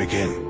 begin.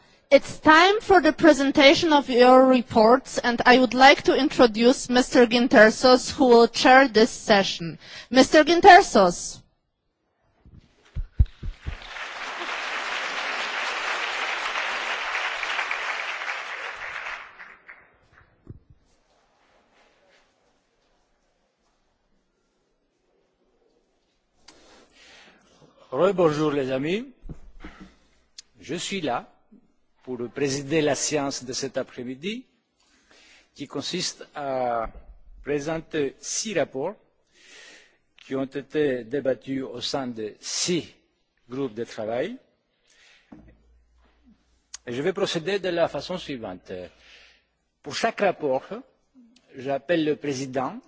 It's time for the presentation of your reports, and I would like to introduce Mr. Gintersos, who will chair this session. Mr. Gintersos. Re bonjour les amis, je suis là pour présider la séance de cet après-midi, qui consiste à présenter six rapports qui ont été débattus au sein de six groupes de travail. Et je vais procéder de la façon suivante. Pour chaque rapport, j'appelle le président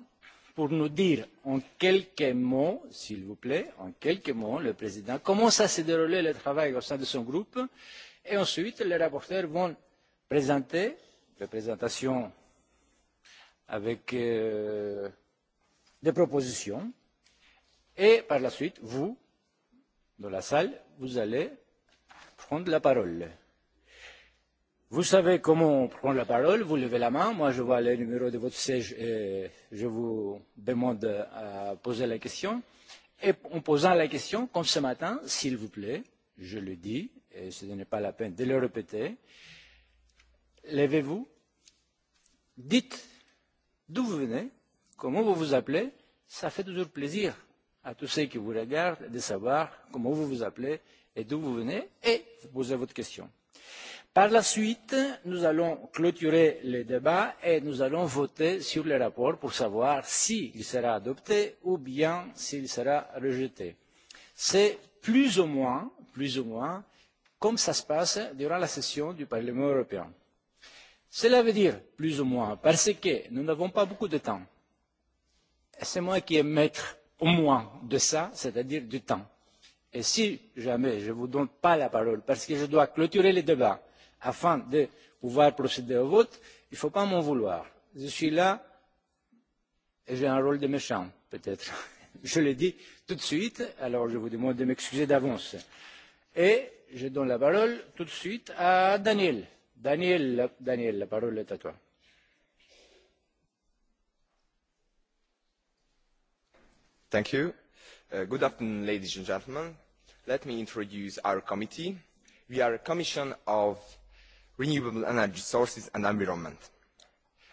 pour nous dire en quelques mots, s'il vous plaît, en quelques mots, le président, comment ça s'est déroulé le travail au sein de son groupe Et ensuite, les rapporteurs vont présenter des présentations avec euh, des propositions. Et par la suite, vous, dans la salle, vous allez prendre la parole. Vous savez comment prendre la parole, vous levez la main, moi je vois le numéro de votre siège et je vous demande à poser la question. Et en posant la question, comme ce matin, s'il vous plaît, je le dis, et ce n'est pas la peine de le répéter. Levez-vous, dites d'où vous venez, comment vous vous appelez, ça fait toujours plaisir à tous ceux qui vous regardent de savoir comment vous vous appelez et d'où vous venez et posez votre question. Par la suite, nous allons clôturer le débat et nous allons voter sur le rapport pour savoir s'il sera adopté ou bien s'il sera rejeté. C'est plus ou moins, plus ou moins, comme ça se passe durant la session du Parlement européen. Cela veut dire, plus ou moins, parce que nous n'avons pas beaucoup de temps. C'est moi qui est maître au moins de ça, c'est-à-dire du temps. Et si jamais je ne vous donne pas la parole, parce que je dois clôturer les débats afin de pouvoir procéder au vote, il ne faut pas m'en vouloir. Je suis là et j'ai un rôle de méchant, peut-être. je le dis tout de suite, alors je vous demande de m'excuser d'avance. Et je donne la parole tout de suite à Daniel. Daniel, Daniel, la parole est à toi. Thank you. Uh, good afternoon, ladies and gentlemen. Let me introduce our committee. We are a commission of renewable energy sources and environment.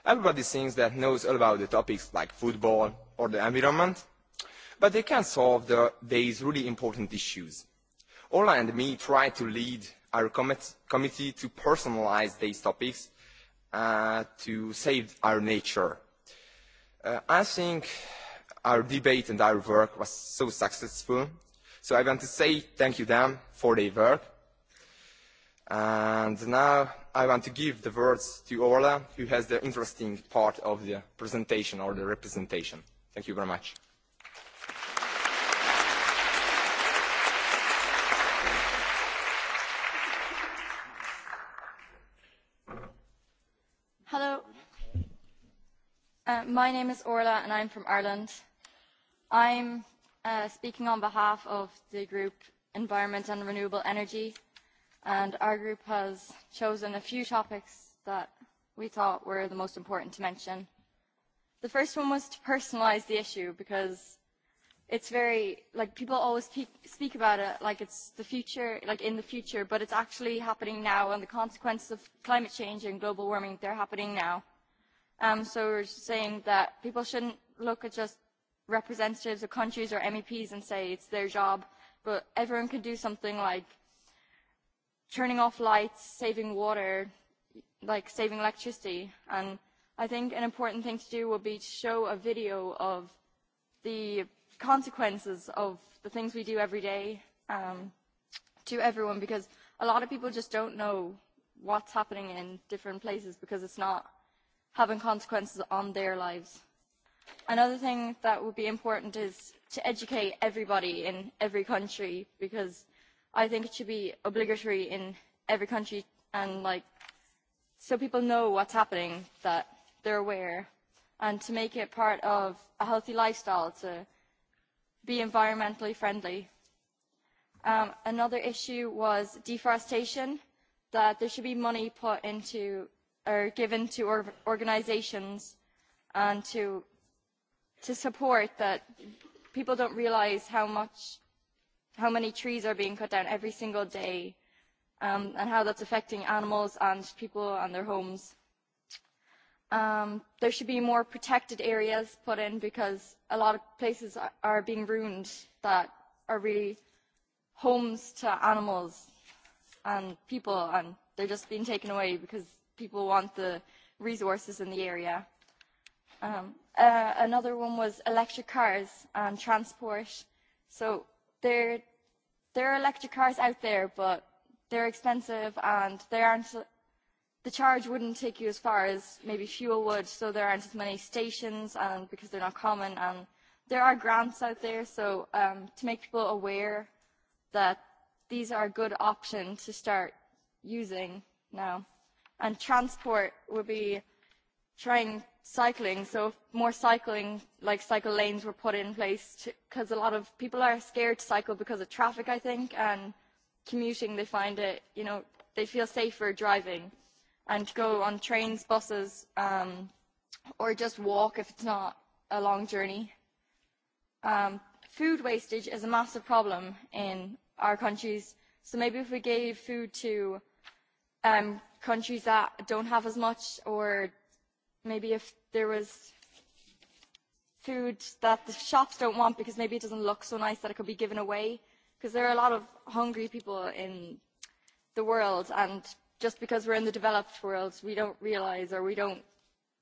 Everybody thinks that knows all about the topics like football or the environment, but they can't solve the, these really important issues. Ola and me try to lead our commit committee to personalize these topics uh, to save our nature. Uh, I think our debate and our work was so successful. So I want to say thank you them for their work. And now I want to give the words to Orla, who has the interesting part of the presentation or the representation. Thank you very much. my name is Orla and I'm from Ireland. I'm uh, speaking on behalf of the group Environment and Renewable Energy and our group has chosen a few topics that we thought were the most important to mention. The first one was to personalize the issue because it's very like people always speak, speak about it like it's the future like in the future but it's actually happening now and the consequences of climate change and global warming they're happening now Um, so we're saying that people shouldn't look at just representatives of countries or MEPs and say it's their job, but everyone can do something like turning off lights, saving water, like saving electricity. And I think an important thing to do would be to show a video of the consequences of the things we do every day um, to everyone because a lot of people just don't know what's happening in different places because it's not – having consequences on their lives. Another thing that would be important is to educate everybody in every country because I think it should be obligatory in every country and like so people know what's happening that they're aware and to make it part of a healthy lifestyle to be environmentally friendly. Um, another issue was deforestation, that there should be money put into are given to or organizations and to, to support that people don't realize how much, how many trees are being cut down every single day um, and how that's affecting animals and people and their homes. Um, there should be more protected areas put in because a lot of places are, are being ruined that are really homes to animals and people and they're just being taken away because people want the resources in the area. Um, uh, another one was electric cars and transport. So there, there are electric cars out there, but they're expensive and they aren't, the charge wouldn't take you as far as maybe fuel would, so there aren't as many stations and because they're not common. And there are grants out there, so um, to make people aware that these are a good option to start using now and transport will be trying cycling. So if more cycling, like cycle lanes were put in place because a lot of people are scared to cycle because of traffic, I think, and commuting, they find it, you know, they feel safer driving and to go on trains, buses, um, or just walk if it's not a long journey. Um, food wastage is a massive problem in our countries. So maybe if we gave food to um, countries that don't have as much or maybe if there was food that the shops don't want because maybe it doesn't look so nice that it could be given away because there are a lot of hungry people in the world and just because we're in the developed world we don't realize or we don't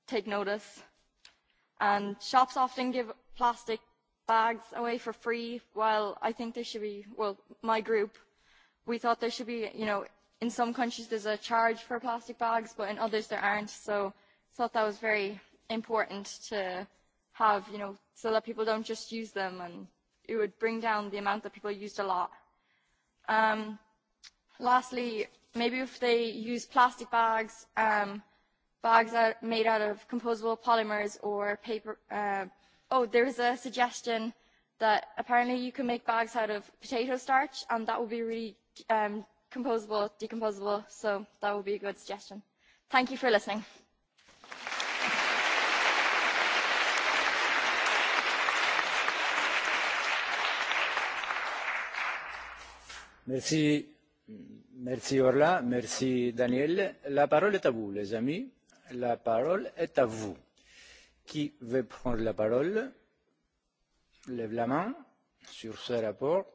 take notice and shops often give plastic bags away for free while I think there should be well my group we thought there should be you know in some countries there's a charge for plastic bags, but in others there aren't. So I thought that was very important to have, you know, so that people don't just use them and it would bring down the amount that people used a lot. Um, lastly, maybe if they use plastic bags, um, bags are made out of composable polymers or paper. Uh, oh, there is a suggestion that apparently you can make bags out of potato starch and that would be really um, composable, decomposable, so that would be a good suggestion. Thank you for listening. Merci, merci Orla, merci Daniel. La parole est à vous, les amis. La parole est à vous. Qui veut prendre la parole Lève la main sur ce rapport.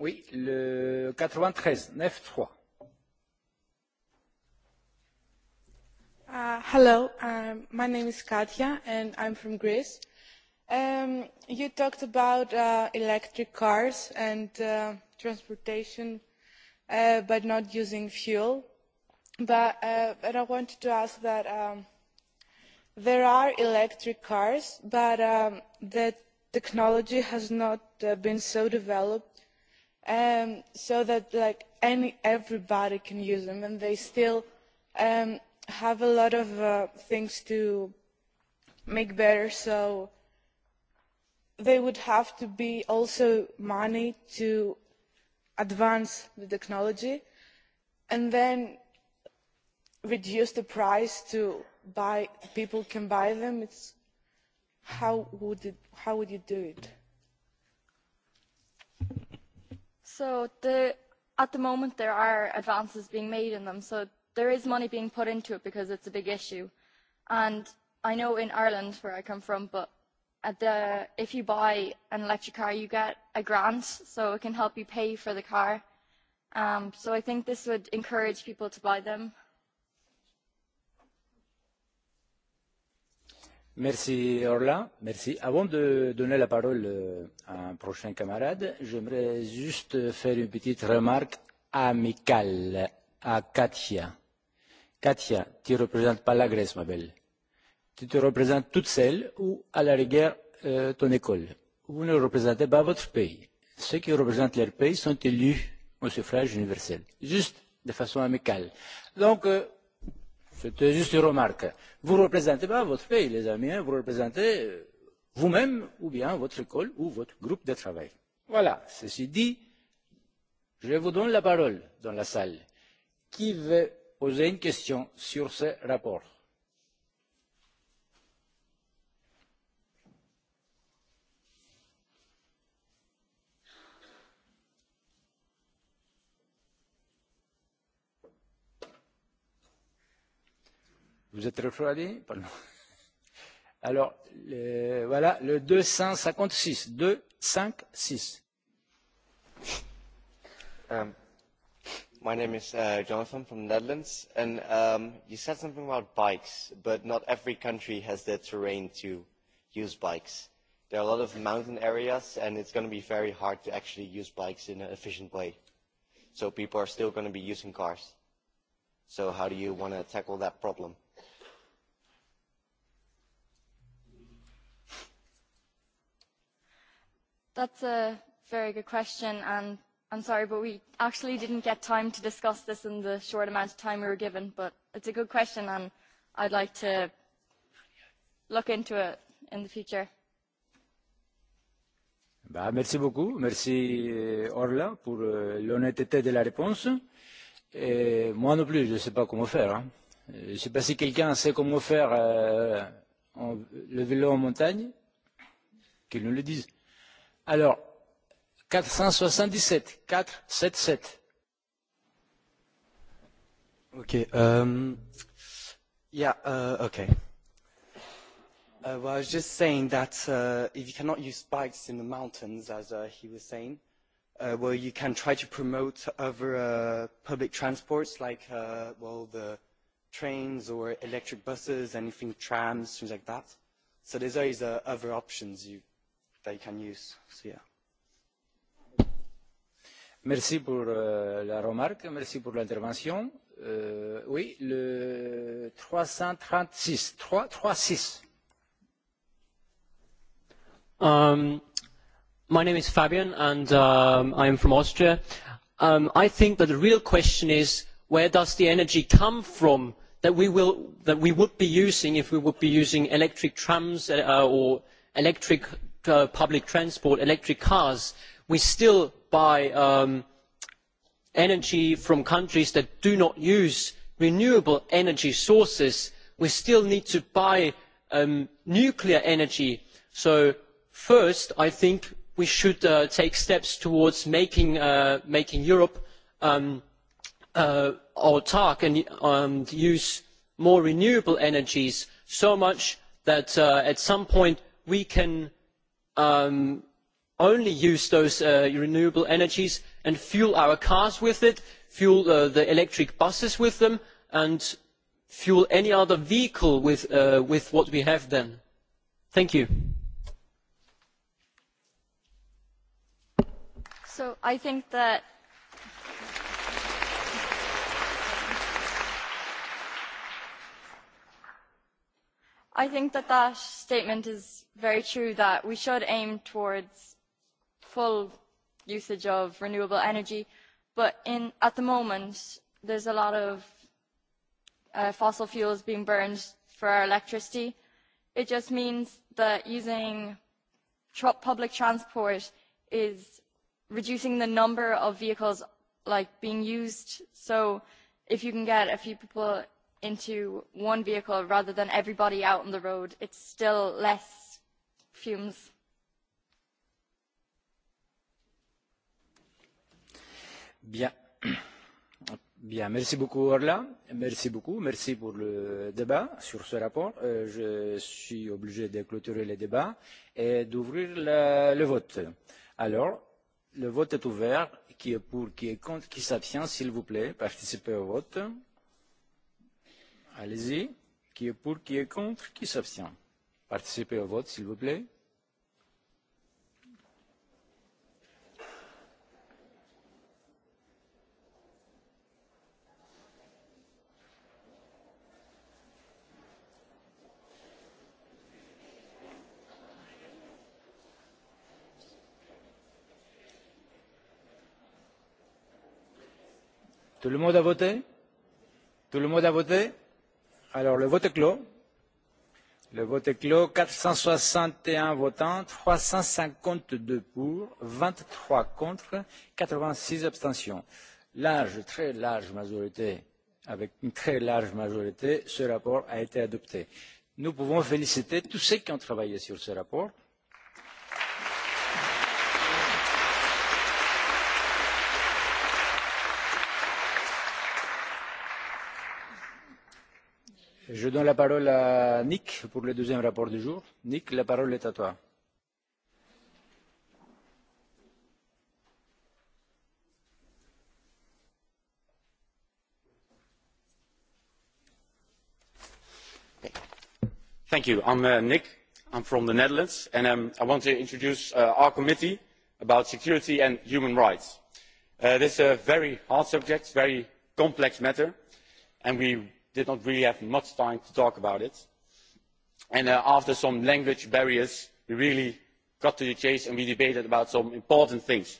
Oui, le 93, 9-3. Uh, hello, um, my name is Katja and I'm from Greece. Um, you talked about uh, electric cars and uh, transportation, uh, but not using fuel. But, uh, but I wanted to ask that um, there are electric cars, but um, the technology has not uh, been so developed um, so that like any everybody can use them and they still um, have a lot of uh, things to make better so they would have to be also money to advance the technology and then reduce the price to buy people can buy them it's how would it, how would you do it So the, at the moment there are advances being made in them, so there is money being put into it because it's a big issue. And I know in Ireland, where I come from, but at the, if you buy an electric car, you get a grant, so it can help you pay for the car. Um, so I think this would encourage people to buy them Merci Orla, merci. Avant de donner la parole euh, à un prochain camarade, j'aimerais juste faire une petite remarque amicale à Katia. Katia, tu ne représentes pas la Grèce, ma belle. Tu te représentes toute seule ou, à la rigueur, euh, ton école. Vous ne représentez pas votre pays. Ceux qui représentent leur pays sont élus au suffrage universel, juste de façon amicale. Donc, euh, C'était juste une remarque. Vous ne représentez pas votre pays, les amis, hein, vous représentez euh, vous-même ou bien votre école ou votre groupe de travail. Voilà, ceci dit, je vous donne la parole dans la salle. Qui veut poser une question sur ce rapport Vous êtes refroidi Pardon. Alors, le, voilà, le 256. 256. Um, my name is uh, Jonathan from the Netherlands, and um, you said something about bikes, but not every country has the terrain to use bikes. There are a lot of mountain areas, and it's going to be very hard to actually use bikes in an efficient way. So people are still going to be using cars. So how do you want to tackle that problem? That's a very good question, and I'm sorry, but we actually didn't get time to discuss this in the short amount of time we were given, but it's a good question, and I'd like to look into it in the future. Bah, merci beaucoup. Merci euh, Orla pour euh, l'honnêteté de la réponse. Et moi non plus, je ne sais pas comment faire. Hein. Je ne sais pas si quelqu'un sait comment faire euh, en, le vélo en montagne, qu'il nous le dise. Alors, 477, 477. Ok, um, yeah, uh, ok. Uh, well, I was just saying that uh, if you cannot use bikes in the mountains, as uh, he was saying, uh, well, you can try to promote other uh, public transports like, uh, well, the trains or electric buses, anything, trams, things like that. So there's always uh, other options you they can use. So yeah. Merci pour euh, la remarque, merci pour l'intervention. Euh, oui, le 336, 336. Um, my name is Fabian and um, I am from Austria. Um, I think that the real question is where does the energy come from that we, will, that we would be using if we would be using electric trams uh, or electric Uh, public transport, electric cars, we still buy um, energy from countries that do not use renewable energy sources. We still need to buy um, nuclear energy. So first, I think we should uh, take steps towards making, uh, making Europe um, uh, autark and um, use more renewable energies so much that uh, at some point we can um, only use those uh, renewable energies and fuel our cars with it, fuel uh, the electric buses with them, and fuel any other vehicle with, uh, with what we have then. Thank you. So I think that I think that that statement is very true that we should aim towards full usage of renewable energy, but in, at the moment there's a lot of uh, fossil fuels being burned for our electricity. It just means that using tr public transport is reducing the number of vehicles like being used. So if you can get a few people into one vehicle rather than everybody out on the road, it's still less fumes. Bien. Bien, merci beaucoup Orla, merci beaucoup, merci pour le débat sur ce rapport. Euh, je suis obligé de clôturer le débat et d'ouvrir le vote. Alors, le vote est ouvert. Qui est pour, qui est contre, qui s'abstient, s'il vous plaît, participez au vote. Allez-y. Qui est pour, qui est contre, qui s'abstient participer au vote, s'il vous plaît. Tout le monde a voté Tout le monde a voté Alors le vote est clos. Le vote est clos. 461 votants, 352 pour, 23 contre, 86 abstentions. Large, très large majorité, avec une très large majorité, ce rapport a été adopté. Nous pouvons féliciter tous ceux qui ont travaillé sur ce rapport Je donne la parole à Nick pour le deuxième rapport du jour. Nick, la parole est à toi. Thank you. I'm uh, Nick. I'm from the Netherlands, and um, I want to introduce uh, our committee about security and human rights. Uh, this is a very hard subject, very complex matter, and we did not really have much time to talk about it. And uh, after some language barriers, we really got to the chase and we debated about some important things,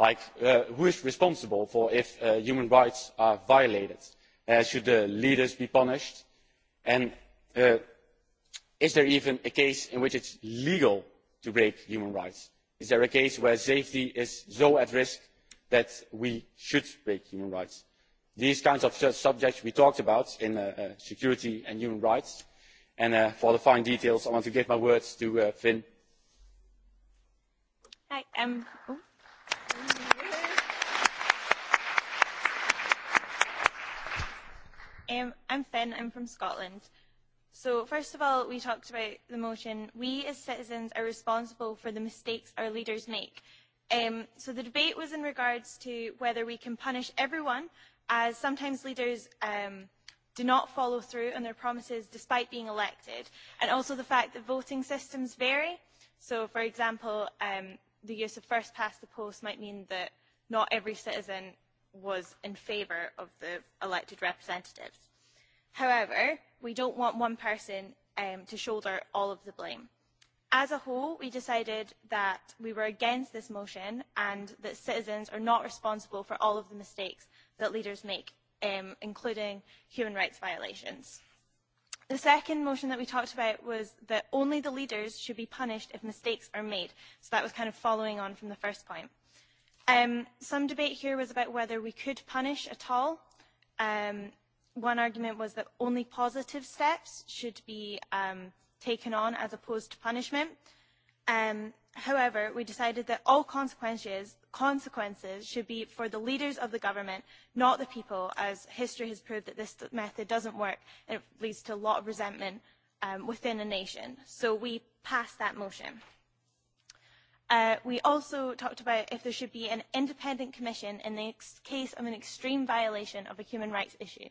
like uh, who is responsible for if uh, human rights are violated? Uh, should the leaders be punished? And uh, is there even a case in which it's legal to break human rights? Is there a case where safety is so at risk that we should break human rights? these kinds of subjects we talked about in uh, uh, security and human rights. And uh, for the fine details, I want to give my words to uh, Finn. Hi, um, oh. um, I'm Finn, I'm from Scotland. So first of all, we talked about the motion. We as citizens are responsible for the mistakes our leaders make. Um, so the debate was in regards to whether we can punish everyone as sometimes leaders um, do not follow through on their promises despite being elected, and also the fact that voting systems vary. So, for example, um, the use of first past the post might mean that not every citizen was in favour of the elected representatives. However, we don't want one person um, to shoulder all of the blame. As a whole, we decided that we were against this motion and that citizens are not responsible for all of the mistakes that leaders make, um, including human rights violations. The second motion that we talked about was that only the leaders should be punished if mistakes are made. So that was kind of following on from the first point. Um, some debate here was about whether we could punish at all. Um, one argument was that only positive steps should be um, taken on as opposed to punishment. Um, However, we decided that all consequences, consequences should be for the leaders of the government, not the people, as history has proved that this method doesn't work and it leads to a lot of resentment um, within a nation. So we passed that motion. Uh, we also talked about if there should be an independent commission in the ex case of an extreme violation of a human rights issue.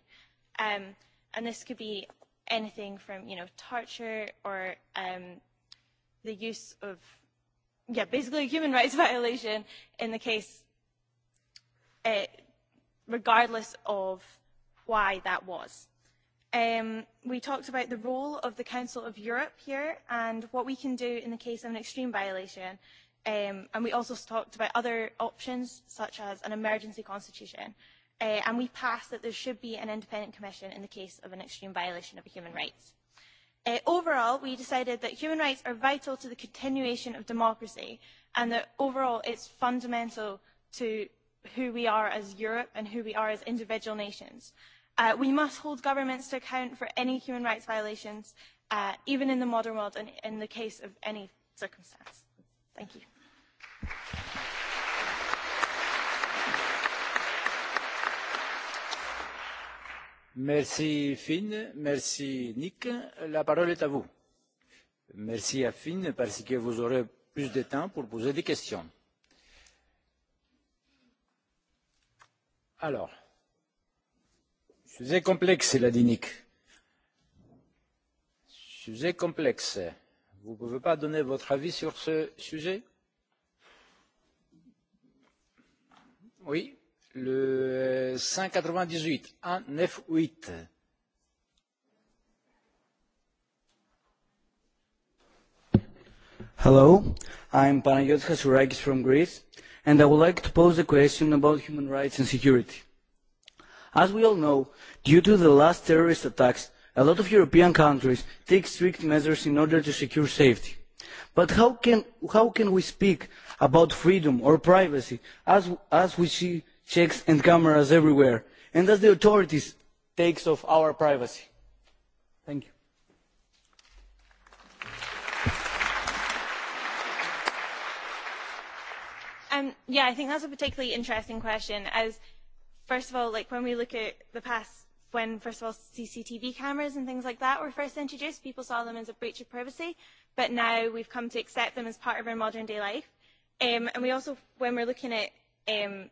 Um, and this could be anything from, you know, torture or um, the use of yeah, basically a human rights violation in the case, uh, regardless of why that was. Um, we talked about the role of the Council of Europe here and what we can do in the case of an extreme violation. Um, and we also talked about other options, such as an emergency constitution. Uh, and we passed that there should be an independent commission in the case of an extreme violation of human rights. Uh, overall, we decided that human rights are vital to the continuation of democracy and that overall it's fundamental to who we are as Europe and who we are as individual nations. Uh, we must hold governments to account for any human rights violations, uh, even in the modern world and in the case of any circumstance. Thank you. Merci Finn, merci Nick. La parole est à vous. Merci à Finn parce que vous aurez plus de temps pour poser des questions. Alors, sujet complexe, l'a dit Nick. Sujet complexe. Vous ne pouvez pas donner votre avis sur ce sujet Oui le 198, 98. Hello, I'm Panagiotis Hasourakis from Greece, and I would like to pose a question about human rights and security. As we all know, due to the last terrorist attacks, a lot of European countries take strict measures in order to secure safety. But how can, how can we speak about freedom or privacy as, as we see checks and cameras everywhere. And as the authorities takes of our privacy. Thank you. Um, yeah, I think that's a particularly interesting question as, first of all, like when we look at the past, when, first of all, CCTV cameras and things like that were first introduced, people saw them as a breach of privacy, but now we've come to accept them as part of our modern day life. Um, and we also, when we're looking at um,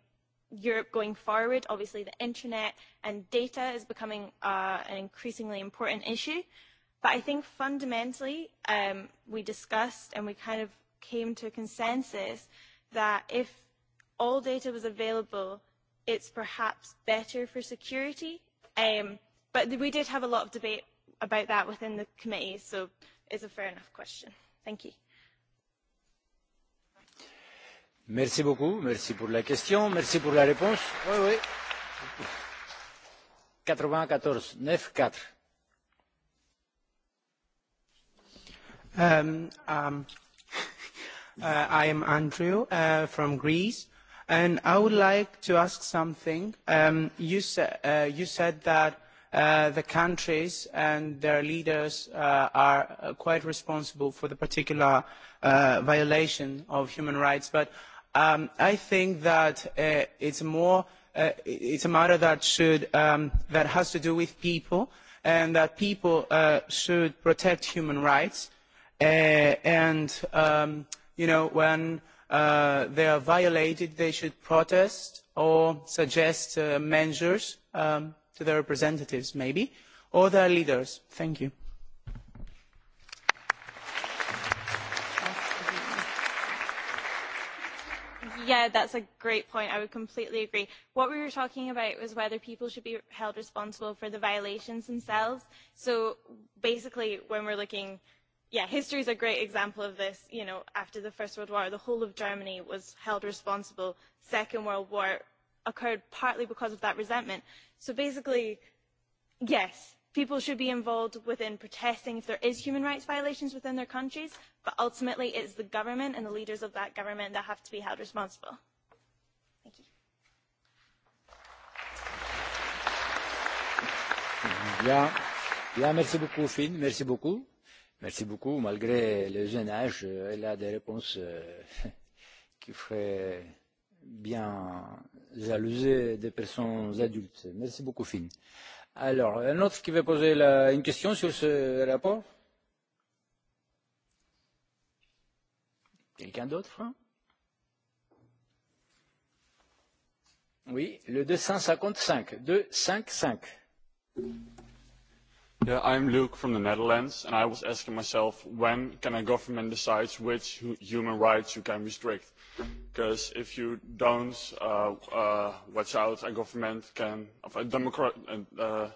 Europe going forward. Obviously, the internet and data is becoming uh, an increasingly important issue. But I think fundamentally, um, we discussed and we kind of came to a consensus that if all data was available, it's perhaps better for security. Um, but we did have a lot of debate about that within the committee, so it's a fair enough question. Thank you. Merci beaucoup, merci pour la question, merci pour la réponse. Oui, oui. 94, 9, Um, um, uh, I am Andrew uh, from Greece, and I would like to ask something. Um, you, sa uh, you said that uh, the countries and their leaders uh, are uh, quite responsible for the particular uh, violation of human rights, but Um, I think that uh, it's more, uh, it's a matter that should, um, that has to do with people and that people uh, should protect human rights. Uh, and, um, you know, when uh, they are violated, they should protest or suggest uh, measures um, to their representatives, maybe, or their leaders. Thank you. Yeah, that's a great point. I would completely agree. What we were talking about was whether people should be held responsible for the violations themselves. So basically, when we're looking, yeah, history is a great example of this. You know, after the First World War, the whole of Germany was held responsible. Second World War occurred partly because of that resentment. So basically, yes, people should be involved within protesting if there is human rights violations within their countries, but ultimately it's the government and the leaders of that government that have to be held responsible. Thank you. Yeah. Yeah, merci beaucoup, Finn. Merci beaucoup. Merci beaucoup. Malgré le jeune âge, euh, elle a des réponses euh, qui feraient bien jalouser des personnes adultes. Merci beaucoup, Finn. Alors, un autre qui veut poser la, une question sur ce rapport Quelqu'un d'autre Oui, le 255. 255. Yeah, I'm Luke from the Netherlands, and I was asking myself, when can a government decide which human rights you can restrict? Because if you don't uh, uh, watch out, a government can, a, democra uh, uh,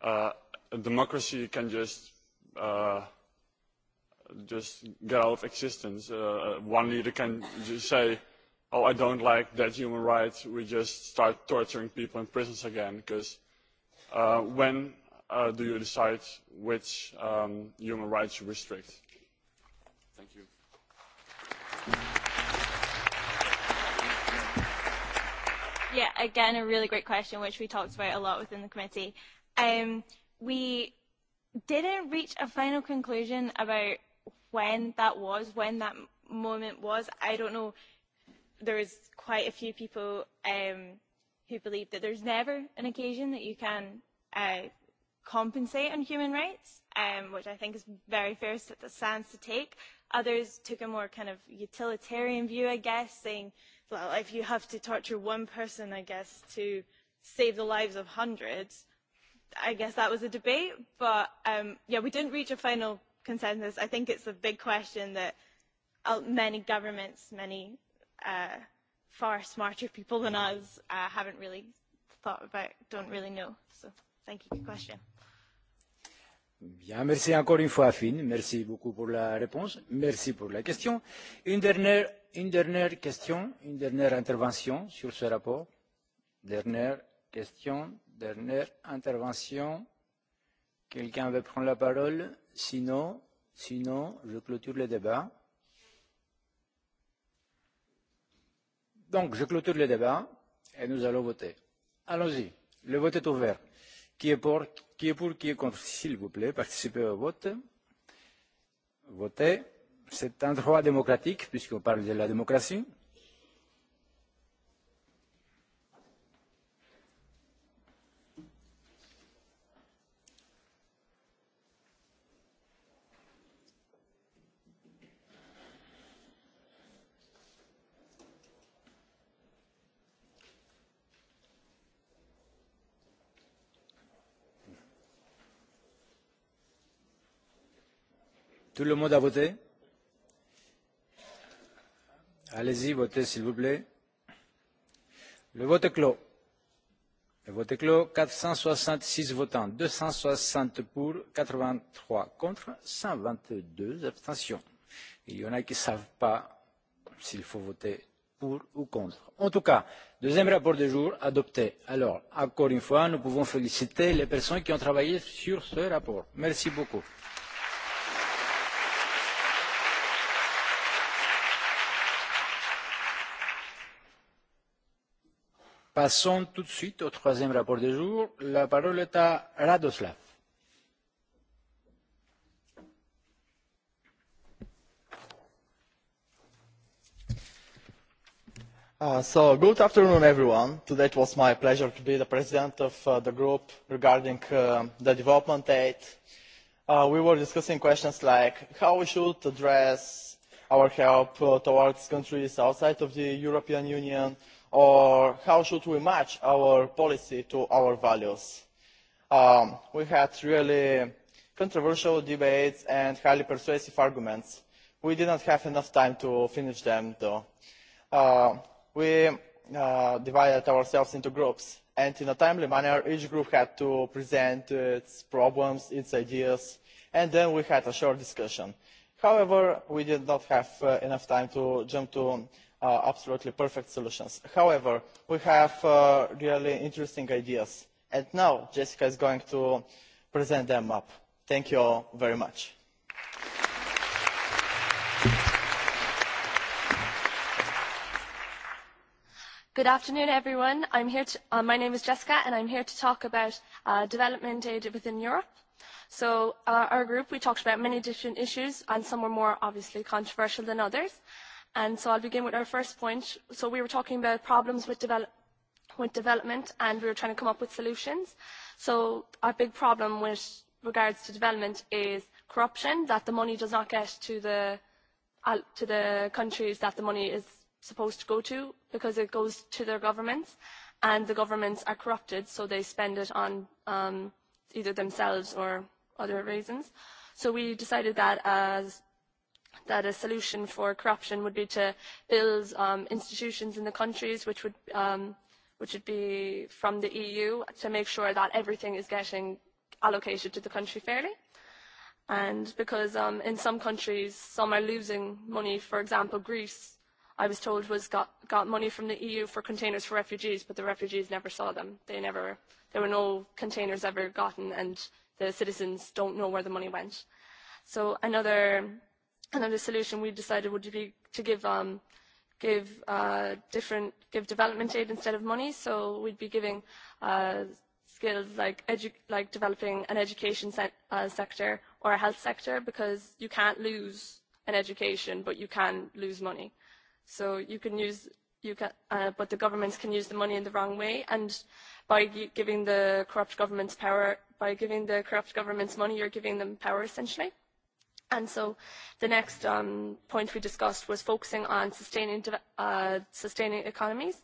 uh, a democracy can just uh, just get out of existence. Uh, one leader can just say, oh, I don't like that human rights. We just start torturing people in prisons again. Because uh, when uh, do you decide which um, human rights you restrict? Thank you. yeah, again, a really great question, which we talked about a lot within the committee. Um, we didn't reach a final conclusion about when that was, when that moment was. I don't know. There was quite a few people um, who believe that there's never an occasion that you can uh, compensate on human rights, um, which I think is very fair stance to take. Others took a more kind of utilitarian view, I guess, saying – well, if you have to torture one person, I guess, to save the lives of hundreds, I guess that was a debate. But um, yeah, we didn't reach a final consensus. I think it's a big question that uh, many governments, many uh, far smarter people than us uh, haven't really thought about, don't really know. So thank you. Good question. Bien, merci encore une fois, Finn. Merci beaucoup pour la réponse. Merci pour la question. Une dernière, une dernière question, une dernière intervention sur ce rapport. Dernière question, dernière intervention. Quelqu'un veut prendre la parole Sinon, sinon, je clôture le débat. Donc, je clôture le débat et nous allons voter. Allons-y. Le vote est ouvert. Qui est pour, qui est, pour, qui est contre, s'il vous plaît, participez au vote. Votez. C'est un droit démocratique, puisqu'on parle de la démocratie. Tout le monde a voté Allez-y, votez s'il vous plaît. Le vote est clos. Le vote est clos. 466 votants, 260 pour, 83 contre, 122 abstentions. Il y en a qui ne savent pas s'il faut voter pour ou contre. En tout cas, deuxième rapport du de jour adopté. Alors, encore une fois, nous pouvons féliciter les personnes qui ont travaillé sur ce rapport. Merci beaucoup. Passons tout de suite au troisième rapport du jour. La parole est à Radoslav. Uh, so, good afternoon, everyone. Today it was my pleasure to be the president of uh, the group regarding uh, the development aid. Uh, we were discussing questions like how we should address our help uh, towards countries outside of the European Union, or how should we match our policy to our values. Um, we had really controversial debates and highly persuasive arguments. We didn't have enough time to finish them, though. Uh, we uh, divided ourselves into groups, and in a timely manner, each group had to present its problems, its ideas, and then we had a short discussion. However, we did not have uh, enough time to jump to uh, absolutely perfect solutions. However, we have uh, really interesting ideas. And now Jessica is going to present them up. Thank you all very much. Good afternoon, everyone. I'm here to, uh, my name is Jessica, and I'm here to talk about uh, development aid within Europe. So uh, our group, we talked about many different issues, and some were more obviously controversial than others. And so I'll begin with our first point. So we were talking about problems with, develop with development and we were trying to come up with solutions. So our big problem with regards to development is corruption, that the money does not get to the, uh, to the countries that the money is supposed to go to because it goes to their governments and the governments are corrupted so they spend it on um, either themselves or other reasons. So we decided that as that a solution for corruption would be to build um, institutions in the countries which would, um, which would be from the EU to make sure that everything is getting allocated to the country fairly. And because um, in some countries, some are losing money. For example, Greece, I was told, was got, got money from the EU for containers for refugees, but the refugees never saw them. They never, there were no containers ever gotten, and the citizens don't know where the money went. So another And then the solution we decided would be to give um, give uh, different give development aid instead of money. So we'd be giving uh, skills like edu like developing an education se uh, sector or a health sector because you can't lose an education, but you can lose money. So you can use you can, uh, but the governments can use the money in the wrong way. And by giving the corrupt governments power, by giving the corrupt governments money, you're giving them power essentially. And so the next um, point we discussed was focusing on sustaining, uh, sustaining economies.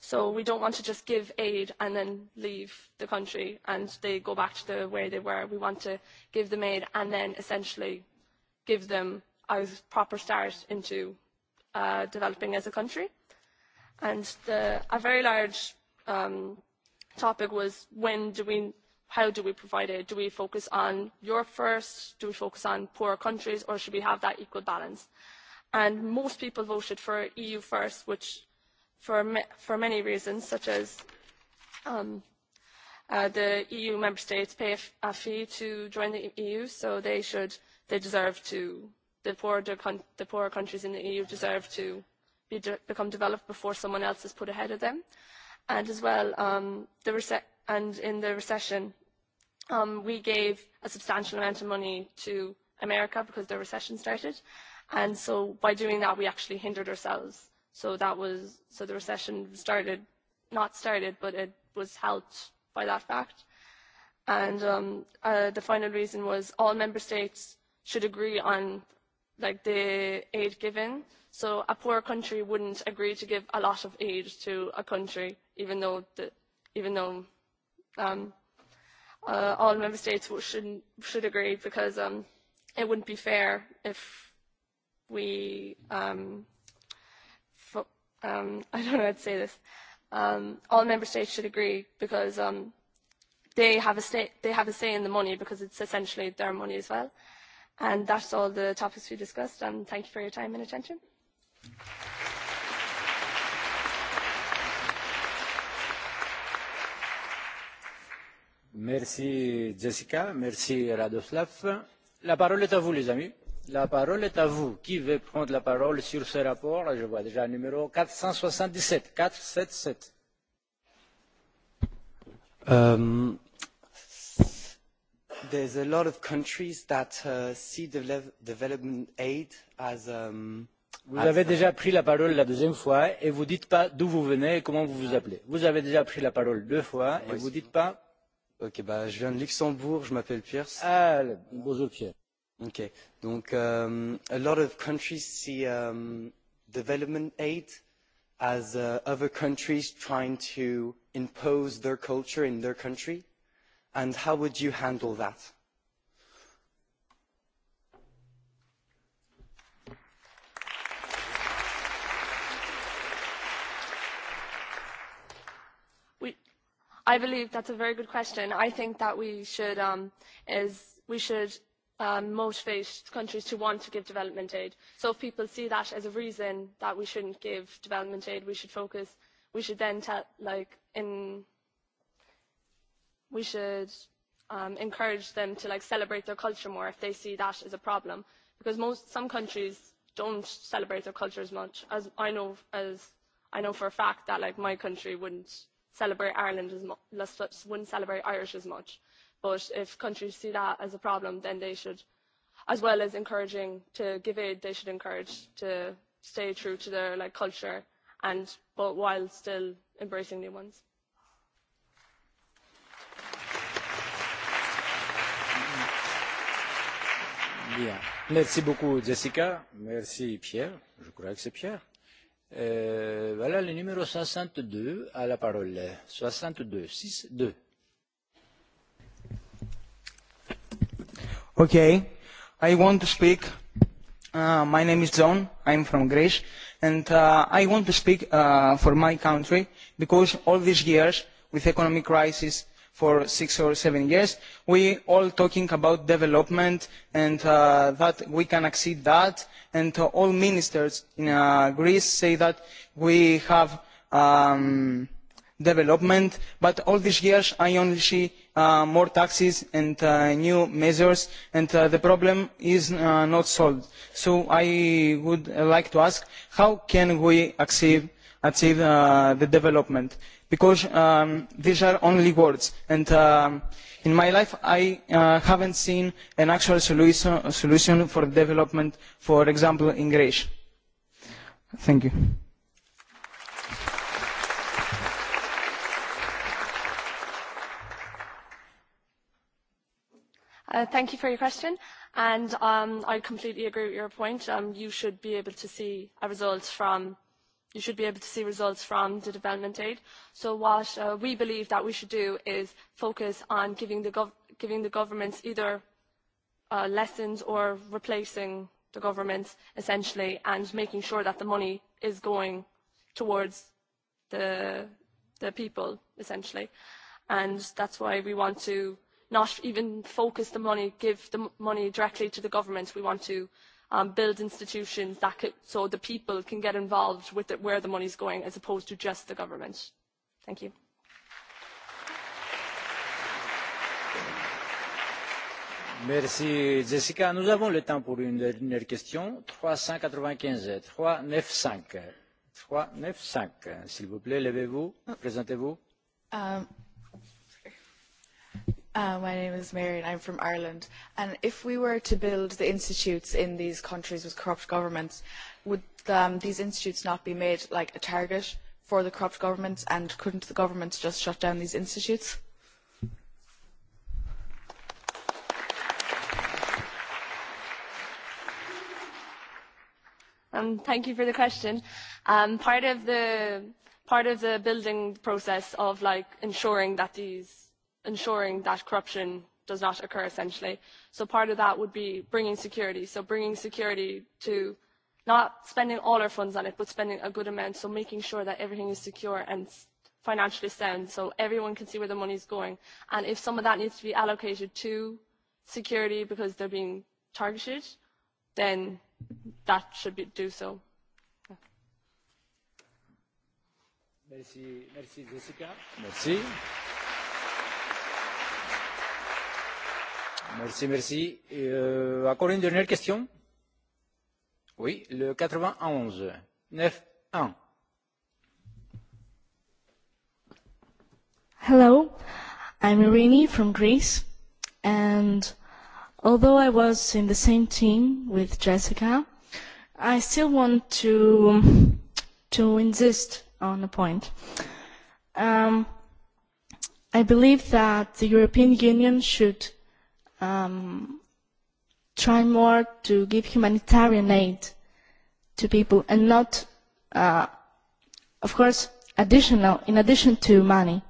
So we don't want to just give aid and then leave the country and they go back to the way they were. We want to give them aid and then essentially give them a proper start into uh, developing as a country. And the, a very large um, topic was when do we how do we provide it? Do we focus on Europe first? Do we focus on poorer countries? Or should we have that equal balance? And most people voted for EU first, which for, me, for many reasons, such as um, uh, the EU member states pay a, a fee to join the EU, so they should, they deserve to, the poorer, the, the poorer countries in the EU deserve to be de become developed before someone else is put ahead of them. And as well, um, the reset and in the recession, Um, we gave a substantial amount of money to America because the recession started. And so by doing that, we actually hindered ourselves. So that was, so the recession started, not started, but it was helped by that fact. And um, uh, the final reason was all member states should agree on like the aid given. So a poor country wouldn't agree to give a lot of aid to a country, even though the, even though um, uh, all member states should, should agree because um, it wouldn't be fair if we, um, fo- um, I don't know how to say this, um, all member states should agree because um, they, have a state they have a say in the money because it's essentially their money as well. And that's all the topics we discussed. Um, thank you for your time and attention. Thank you. Merci Jessica, merci Radoslav. La parole est à vous les amis. La parole est à vous. Qui veut prendre la parole sur ce rapport Je vois déjà le numéro 477. 477. Um, there's a lot of countries that uh, see de development aid as... Um, vous as avez déjà pris la parole la deuxième fois et vous dites pas d'où vous venez et comment vous vous appelez. Vous avez déjà pris la parole deux fois et oui, vous dites pas Ok, bah, je viens de Luxembourg, je m'appelle Pierre. Ah, bonjour Pierre. Ok, donc um, a lot of countries see um, development aid as uh, other countries trying to impose their culture in their country. And how would you handle that? I believe that's a very good question. I think that we should, um, is we should um, motivate countries to want to give development aid. So if people see that as a reason that we shouldn't give development aid, we should focus, we should then tell, like, in, we should um, encourage them to, like, celebrate their culture more if they see that as a problem. Because most, some countries don't celebrate their culture as much as I know, as I know for a fact that, like, my country wouldn't celebrate Ireland as much, wouldn't celebrate Irish as much. But if countries see that as a problem, then they should, as well as encouraging to give aid, they should encourage to stay true to their like culture, and but while still embracing new ones. Bien. Merci beaucoup Jessica, merci Pierre, je crois que c'est Pierre. Euh, voilà le numéro 62 à la parole. 62, 6, 2. Okay, I want to speak. Uh, my name is John. I'm from Greece, and uh, I want to speak uh, for my country because all these years with economic crisis for six or seven years. We all talking about development and uh, that we can exceed that. And uh, all ministers in uh, Greece say that we have um, development, but all these years I only see uh, more taxes and uh, new measures, and uh, the problem is uh, not solved. So I would like to ask, how can we achieve, achieve uh, the development? because um, these are only words. And um, in my life, I uh, haven't seen an actual solution, solution for development, for example, in Greece. Thank you. Uh, thank you for your question. And um, I completely agree with your point. Um, you should be able to see a result from you should be able to see results from the development aid. So what uh, we believe that we should do is focus on giving the, gov giving the governments either uh, lessons or replacing the governments essentially and making sure that the money is going towards the, the people essentially. And that's why we want to not even focus the money, give the money directly to the government. We want to um, build institutions that could, so the people can get involved with it, where the money is going as opposed to just the government. Thank you. Merci Jessica. Nous avons le temps pour une dernière question. 395, 395, 395. S'il vous plaît, levez-vous, oh. présentez-vous. Um. Uh, my name is Mary and I'm from Ireland. And if we were to build the institutes in these countries with corrupt governments, would um, these institutes not be made like a target for the corrupt governments and couldn't the governments just shut down these institutes? Um, thank you for the question. Um, part of the part of the building process of like ensuring that these ensuring that corruption does not occur essentially. So part of that would be bringing security. So bringing security to not spending all our funds on it, but spending a good amount. So making sure that everything is secure and financially sound. So everyone can see where the money is going. And if some of that needs to be allocated to security because they're being targeted, then that should be, do so. Merci, merci Jessica. Merci. Merci, merci. Euh, encore une dernière question Oui, le 91. 9, 1. Hello, I'm Irini from Greece, and although I was in the same team with Jessica, I still want to to insist on a point. Um, I believe that the European Union should um, try more to give humanitarian aid to people and not, uh, of course, additional, in addition to money.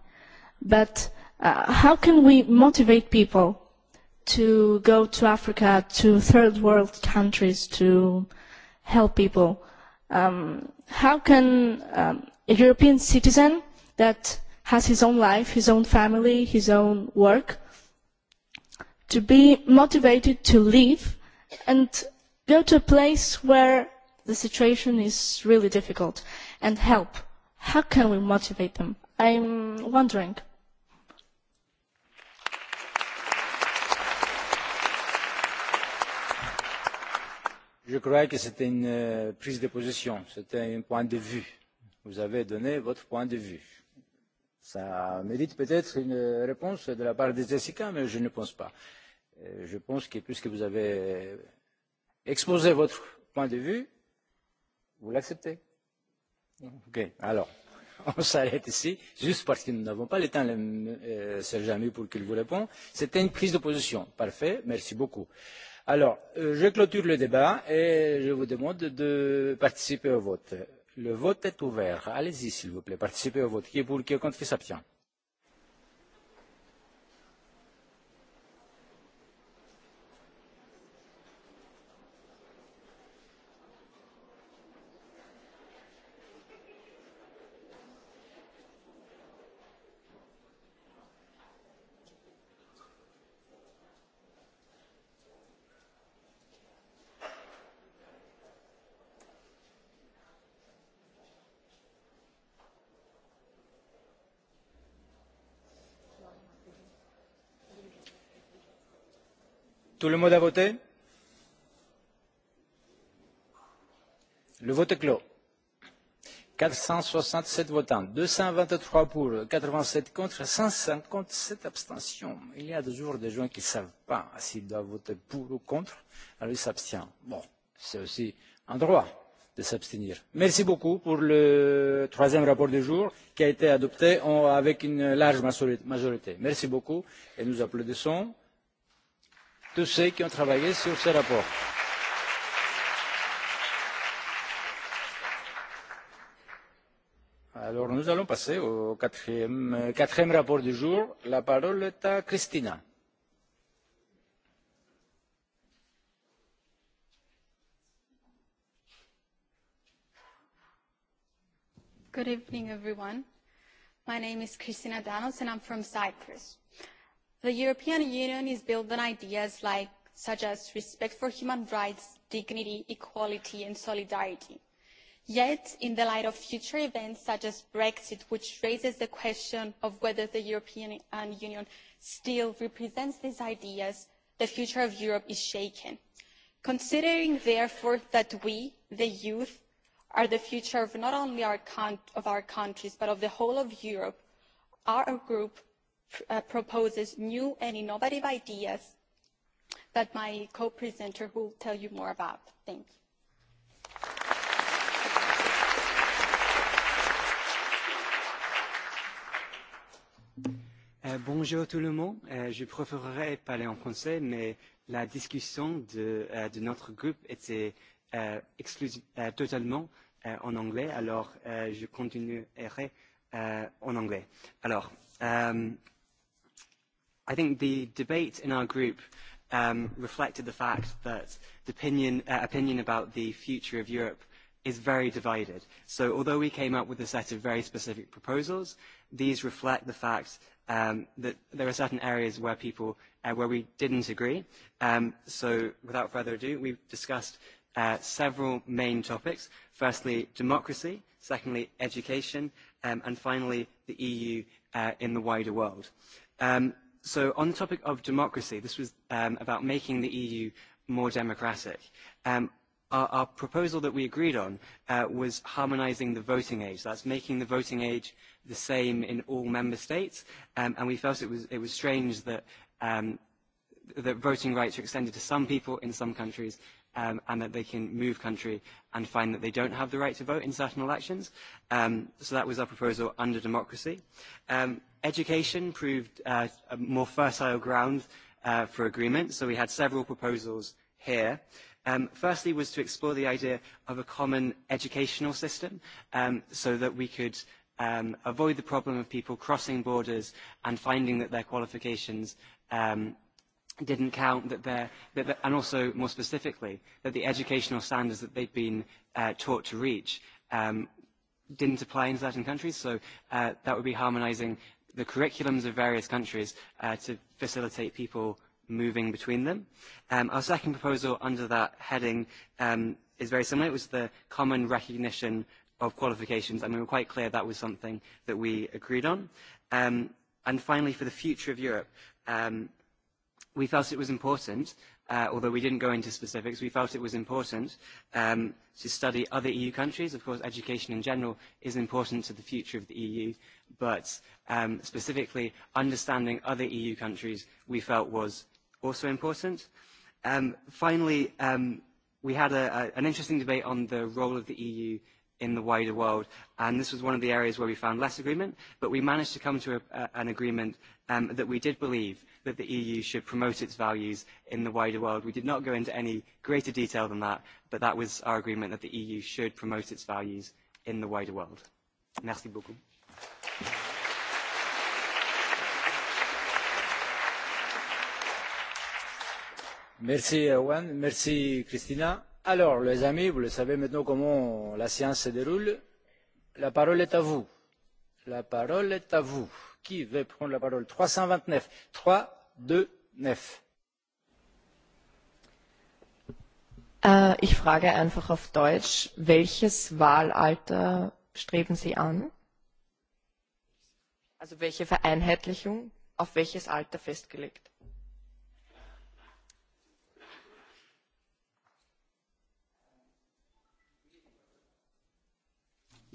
But uh, how can we motivate people to go to Africa, to third world countries to help people? Um, how can um, a European citizen that has his own life, his own family, his own work, to be motivated to leave and go to a place where the situation is really difficult and help. How can we motivate them? I'm wondering. Je crois que c'était une euh, prise de position, c'était un point de vue. Vous avez donné votre point de vue. Ça mérite peut-être une euh, réponse de la part de Jessica, mais je ne pense pas. Euh, je pense que puisque vous avez euh, exposé votre point de vue, vous l'acceptez. Ok, alors, on s'arrête ici, juste parce que nous n'avons pas le temps, euh, Serge Ami, pour qu'il vous réponde. C'était une prise de position. Parfait, merci beaucoup. Alors, euh, je clôture le débat et je vous demande de participer au vote. Le vote est ouvert. Allez-y, s'il vous plaît, participez au vote. Qui est pour, qui est contre, qui s'abstient Tout le monde a voté Le vote est clos. 467 votants, 223 pour, 87 contre, 157 abstentions. Il y a toujours des gens qui ne savent pas s'ils doivent voter pour ou contre, alors ils s'abstiennent. Bon, c'est aussi un droit de s'abstenir. Merci beaucoup pour le troisième rapport du jour qui a été adopté avec une large majorité. Merci beaucoup et nous applaudissons tous ceux qui ont travaillé sur ce rapport. Alors nous allons passer au quatrième, quatrième rapport du jour. La parole est à Christina. Good evening, everyone. My name is Christina Danos, and I'm from Cyprus. The European Union is built on ideas like, such as respect for human rights, dignity, equality and solidarity. Yet, in the light of future events such as Brexit, which raises the question of whether the European Union still represents these ideas, the future of Europe is shaken. Considering, therefore, that we, the youth, are the future of not only our, con- of our countries, but of the whole of Europe, our group uh, proposes new and innovative ideas that my co-presenter will tell you more about. Thank you. Euh, bonjour tout le monde. Euh, je préférerais parler en français, mais la discussion de, euh, de notre groupe était euh, exclus euh, totalement euh, en anglais, alors euh, je continuerai euh, en anglais. Alors, euh, um, I think the debate in our group um, reflected the fact that the opinion, uh, opinion about the future of Europe is very divided. So although we came up with a set of very specific proposals, these reflect the fact um, that there are certain areas where people, uh, where we didn't agree. Um, so without further ado, we've discussed uh, several main topics. Firstly, democracy. Secondly, education. Um, and finally, the EU uh, in the wider world. Um, So on the topic of democracy, this was um, about making the EU more democratic. Um, our, our proposal that we agreed on uh, was harmonising the voting age. That's making the voting age the same in all member states. Um, and we felt it was, it was strange that, um, that voting rights are extended to some people in some countries um, and that they can move country and find that they don't have the right to vote in certain elections. Um, so that was our proposal under democracy. Um, Education proved uh, a more fertile ground uh, for agreement, so we had several proposals here. Um, firstly was to explore the idea of a common educational system um, so that we could um, avoid the problem of people crossing borders and finding that their qualifications um, didn't count, that their, that the, and also more specifically, that the educational standards that they'd been uh, taught to reach um, didn't apply in certain countries, so uh, that would be harmonizing the curriculums of various countries uh, to facilitate people moving between them. Um, our second proposal under that heading um, is very similar. It was the common recognition of qualifications, and we were quite clear that was something that we agreed on. Um, and finally, for the future of Europe, um, we felt it was important uh, although we didn't go into specifics, we felt it was important um, to study other EU countries. Of course, education in general is important to the future of the EU, but um, specifically understanding other EU countries we felt was also important. Um, finally, um, we had a, a, an interesting debate on the role of the EU in the wider world, and this was one of the areas where we found less agreement, but we managed to come to a, a, an agreement um, that we did believe that the EU should promote its values in the wider world. We did not go into any greater detail than that, but that was our agreement that the EU should promote its values in the wider world. Merci beaucoup. Merci Erwan, merci Christina. Alors, les amis, vous le savez maintenant comment la science se déroule. La parole est à vous. La parole est à vous. Qui veut prendre la parole 329. 3, 2, 9. Äh, ich frage einfach auf Deutsch, welches Wahlalter streben Sie an? Also welche Vereinheitlichung auf welches Alter festgelegt?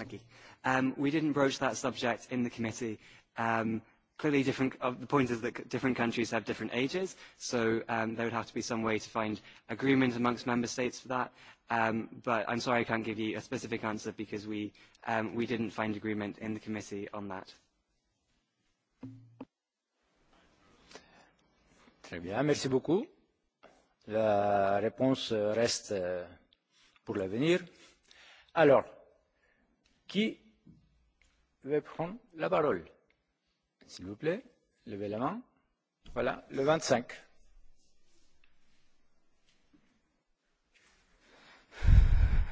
Okay. Um, we didn't broach that subject in the committee. Um, clearly, different, uh, the point is that different countries have different ages, so um, there would have to be some way to find agreement amongst member states for that. Um, but I'm sorry I can't give you a specific answer because we, um, we didn't find agreement in the committee on that. Très bien, merci beaucoup. La réponse reste euh, pour l'avenir. Alors, qui veut prendre la parole s'il vous plaît. Levez la main. Voilà, le 25.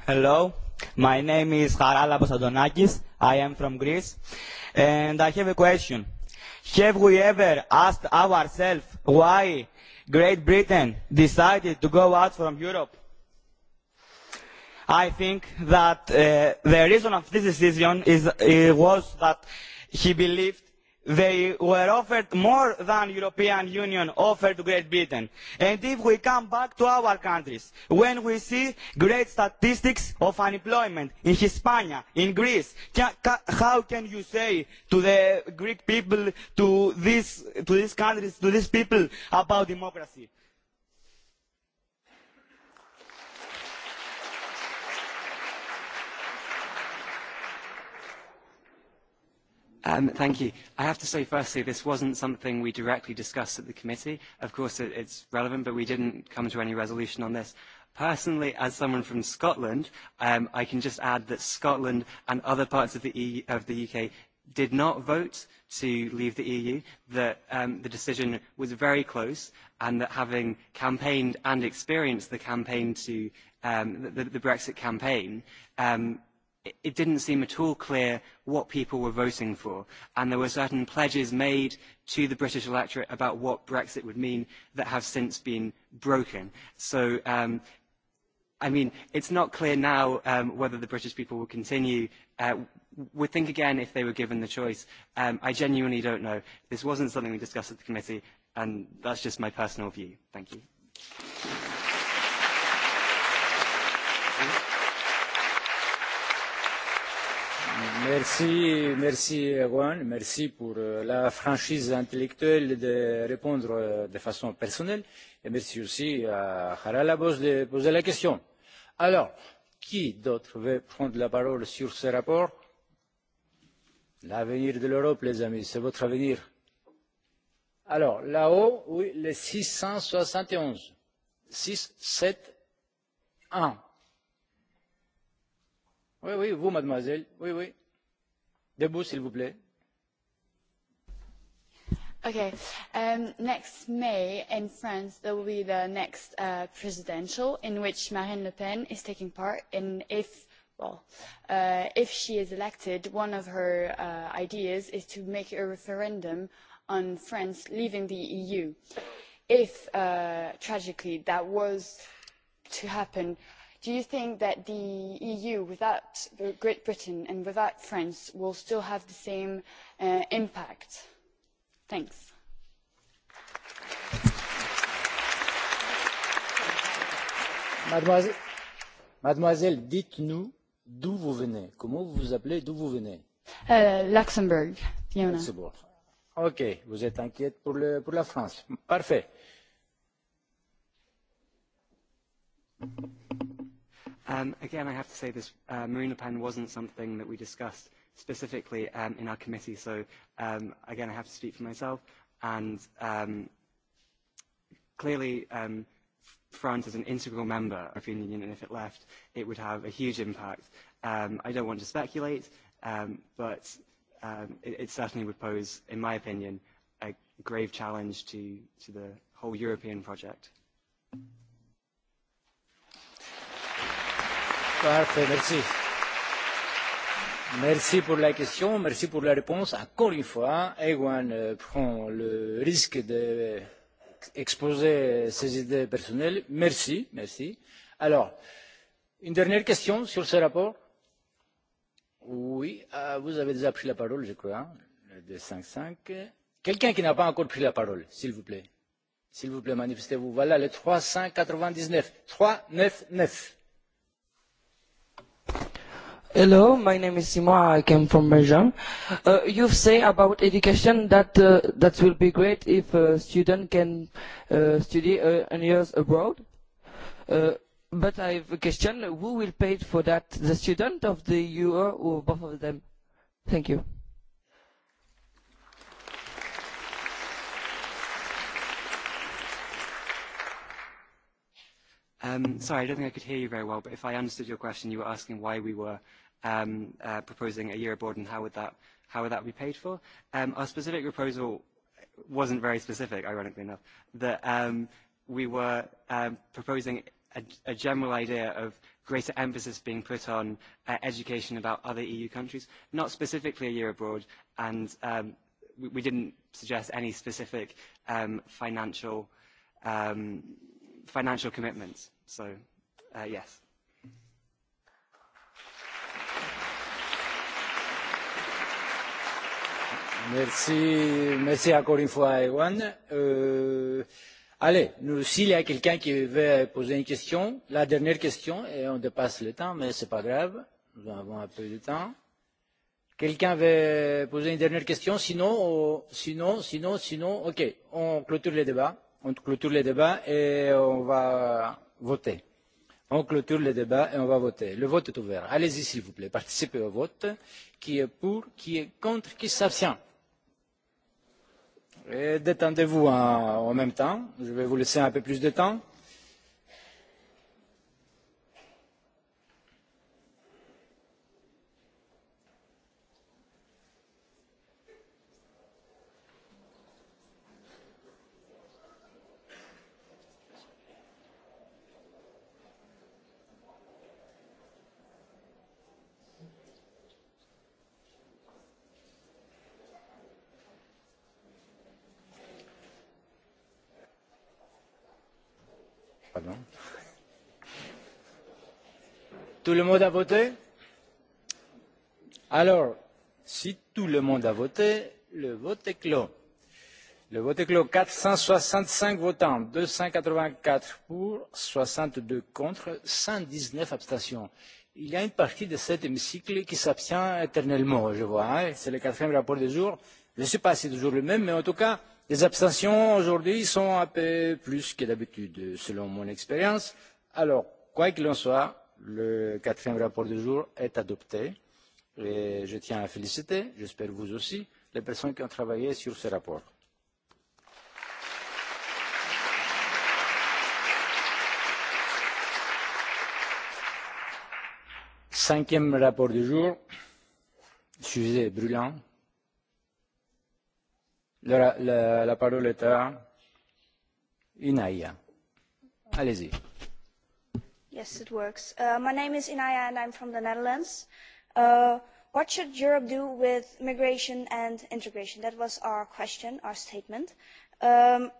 Hello, my name is Harala Posadonakis. I am from Greece. And I have a question. Have we ever asked ourselves why Great Britain decided to go out from Europe? I think that uh, the reason of this decision is, uh, was that he believed They were offered more than European Union offered to Great Britain. And if we come back to our countries, when we see great statistics of unemployment in Hispania, in Greece, ca ca how can you say to the Greek people, to, this, to these countries, to these people about democracy? Um, thank you. I have to say, firstly, this wasn't something we directly discussed at the committee. Of course, it, it's relevant, but we didn't come to any resolution on this. Personally, as someone from Scotland, um, I can just add that Scotland and other parts of the, EU, of the UK did not vote to leave the EU, that um, the decision was very close, and that having campaigned and experienced the campaign to um, the, the Brexit campaign, um, it didn't seem at all clear what people were voting for. And there were certain pledges made to the British electorate about what Brexit would mean that have since been broken. So, um, I mean, it's not clear now um, whether the British people will continue. Uh, would think again if they were given the choice. Um, I genuinely don't know. This wasn't something we discussed at the committee, and that's just my personal view. Thank you. Thank you. Merci, merci Juan, merci pour euh, la franchise intellectuelle de répondre euh, de façon personnelle et merci aussi à Bosse de poser la question. Alors, qui d'autre veut prendre la parole sur ce rapport L'avenir de l'Europe, les amis, c'est votre avenir. Alors, là-haut, oui, le 671. 6, 7, 1. Oui, oui, vous, mademoiselle. Oui, oui. Debout, s'il vous plaît. Okay. Um, next May in France, there will be the next uh, presidential in which Marine Le Pen is taking part. And if, well, uh, if she is elected, one of her uh, ideas is to make a referendum on France leaving the EU. If, uh, tragically, that was to happen, do you think that the EU without Great Britain and without France will still have the same uh, impact? Thanks. Mademoiselle, Mademoiselle dites-nous d'où vous venez. Comment vous vous appelez, d'où vous venez uh, Luxembourg, Fiona. Luxembourg. Ok, vous êtes inquiète pour, le, pour la France. Parfait. Thank you. Um, again, I have to say this, uh, Marina pen wasn't something that we discussed specifically um, in our committee, so um, again, I have to speak for myself. And um, clearly, um, France is an integral member of the European Union, and if it left, it would have a huge impact. Um, I don't want to speculate, um, but um, it, it certainly would pose, in my opinion, a grave challenge to, to the whole European project. Mm -hmm. Parfait, merci. Merci pour la question, merci pour la réponse. Encore une fois, Ewan euh, prend le risque d'exposer ses idées personnelles. Merci, merci. Alors, une dernière question sur ce rapport Oui, euh, vous avez déjà pris la parole, je crois, le 255. Quelqu'un qui n'a pas encore pris la parole, s'il vous plaît. S'il vous plaît, manifestez-vous. Voilà le 399. 399. Hello, my name is Simo. I came from Belgium. Uh, you've say about education that uh, that will be great if a student can uh, study uh, and years abroad. Uh, but I have a question: Who will pay for that? The student of the EU or both of them? Thank you. Um, sorry, I don't think I could hear you very well, but if I understood your question, you were asking why we were um, uh, proposing a year abroad and how would that, how would that be paid for. Um, our specific proposal wasn't very specific, ironically enough, that um, we were um, proposing a, a general idea of greater emphasis being put on uh, education about other EU countries, not specifically a year abroad, and um, we, we didn't suggest any specific um, financial um, financial commitments. So, uh, yes. Merci, merci encore une fois, Ewan. Euh, allez, s'il y a quelqu'un qui veut poser une question, la dernière question, et on dépasse le temps, mais c'est pas grave, nous avons un peu de temps. Quelqu'un veut poser une dernière question, sinon, oh, sinon, sinon, sinon, ok, on clôture les débats on clôture le débat et on va voter. On clôture le débat et on va voter. Le vote est ouvert. Allez-y, s'il vous plaît. Participez au vote. Qui est pour, qui est contre, qui s'abstient Détendez-vous en, en même temps. Je vais vous laisser un peu plus de temps. Tout le monde a voté Alors, si tout le monde a voté, le vote est clos. Le vote est clos. 465 votants, 284 pour, 62 contre, 119 abstentions. Il y a une partie de cet hémicycle qui s'abstient éternellement, je vois. Hein C'est le quatrième rapport du jour. Je ne sais pas si c'est toujours le même, mais en tout cas, les abstentions aujourd'hui sont un peu plus que d'habitude, selon mon expérience. Alors, quoi qu'il en soit, Le quatrième rapport du jour est adopté. Et je tiens à féliciter, j'espère vous aussi, les personnes qui ont travaillé sur ce rapport. Cinquième rapport du jour, sujet brûlant. La, la, la parole est à Inaïa. Allez-y. Yes, it works. Uh, my name is Inaya and I'm from the Netherlands. Uh, what should Europe do with migration and integration? That was our question, our statement. Um,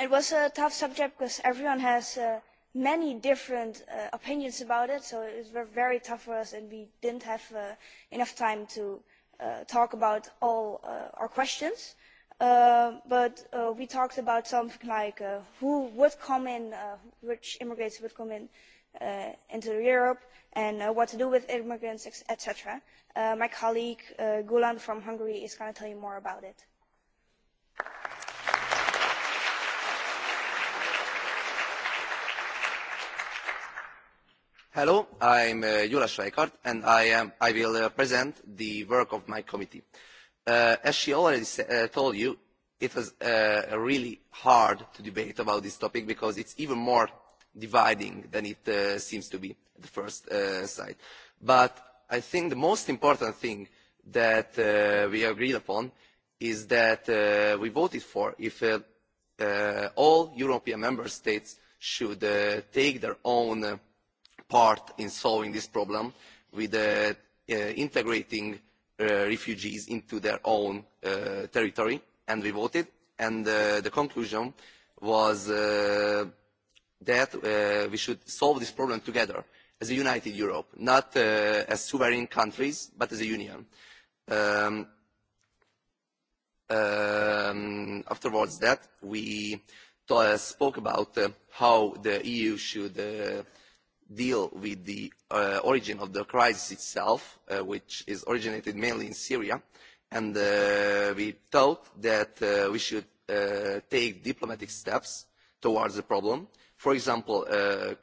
it was a tough subject because everyone has uh, many different uh, opinions about it, so it was very tough for us and we didn't have uh, enough time to uh, talk about all uh, our questions. Uh, but uh, we talked about something like uh, who would come in, uh, which immigrants would come in uh, into Europe and uh, what to do with immigrants, etc. Uh, my colleague uh, Gulan from Hungary is going to tell you more about it. Hello, I'm uh, Jula Schweikart and I, am, I will uh, present the work of my committee. Uh, as she already uh, told you, it was uh, really hard to debate about this topic because it's even more dividing than it uh, seems to be at the first uh, sight. But I think the most important thing that uh, we agreed upon is that uh, we voted for if uh, uh, all European member states should uh, take their own uh, part in solving this problem with uh, uh, integrating uh, refugees into their own uh, territory. And we voted, and uh, the conclusion was uh, that uh, we should solve this problem together as a united Europe, not uh, as sovereign countries, but as a union. Um, um, afterwards that, we uh, spoke about uh, how the EU should uh, deal with the uh, origin of the crisis itself, uh, which is originated mainly in Syria, and uh, we thought that uh, we should uh, take diplomatic steps towards the problem For example, uh,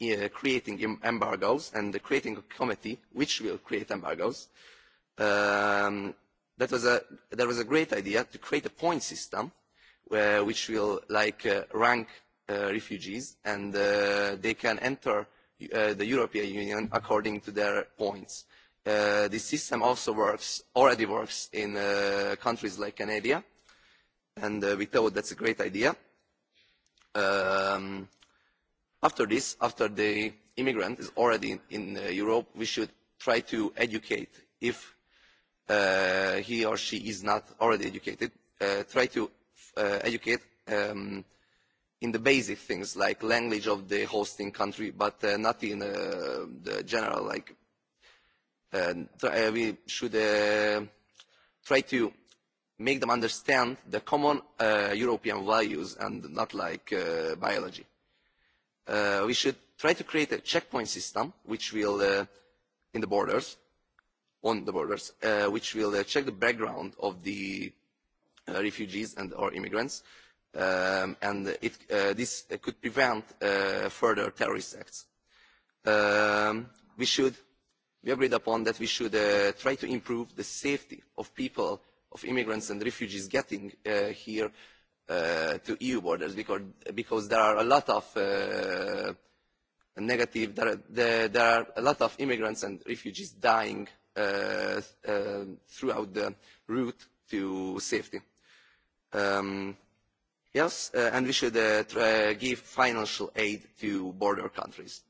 uh, creating embargoes and creating a committee which will create embargoes. Um, that was a, that was a great idea to create a point system where, which will like uh, rank uh, refugees and uh, they can enter uh, the European Union according to their points. Uh, this system also works, already works in uh, countries like Canada and uh, we thought that's a great idea Um, after this, after the immigrant is already in, in uh, Europe, we should try to educate if uh, he or she is not already educated, uh, try to uh, educate um, in the basic things like language of the hosting country, but uh, not in uh, the general, like uh, try, uh, we should uh, try to make them understand the common uh, European values and not like uh, biology. Uh, we should try to create a checkpoint system which will, uh, in the borders, on the borders, uh, which will uh, check the background of the uh, refugees and or immigrants, um, and it, uh, this could prevent uh, further terrorist acts. Um, we should, we agreed upon that we should uh, try to improve the safety of people of immigrants and refugees getting uh, here uh, to EU borders because, because there are a lot of uh, negative, there, there, there are a lot of immigrants and refugees dying uh, uh, throughout the route to safety. Um, yes, uh, and we should uh, try, give financial aid to border countries.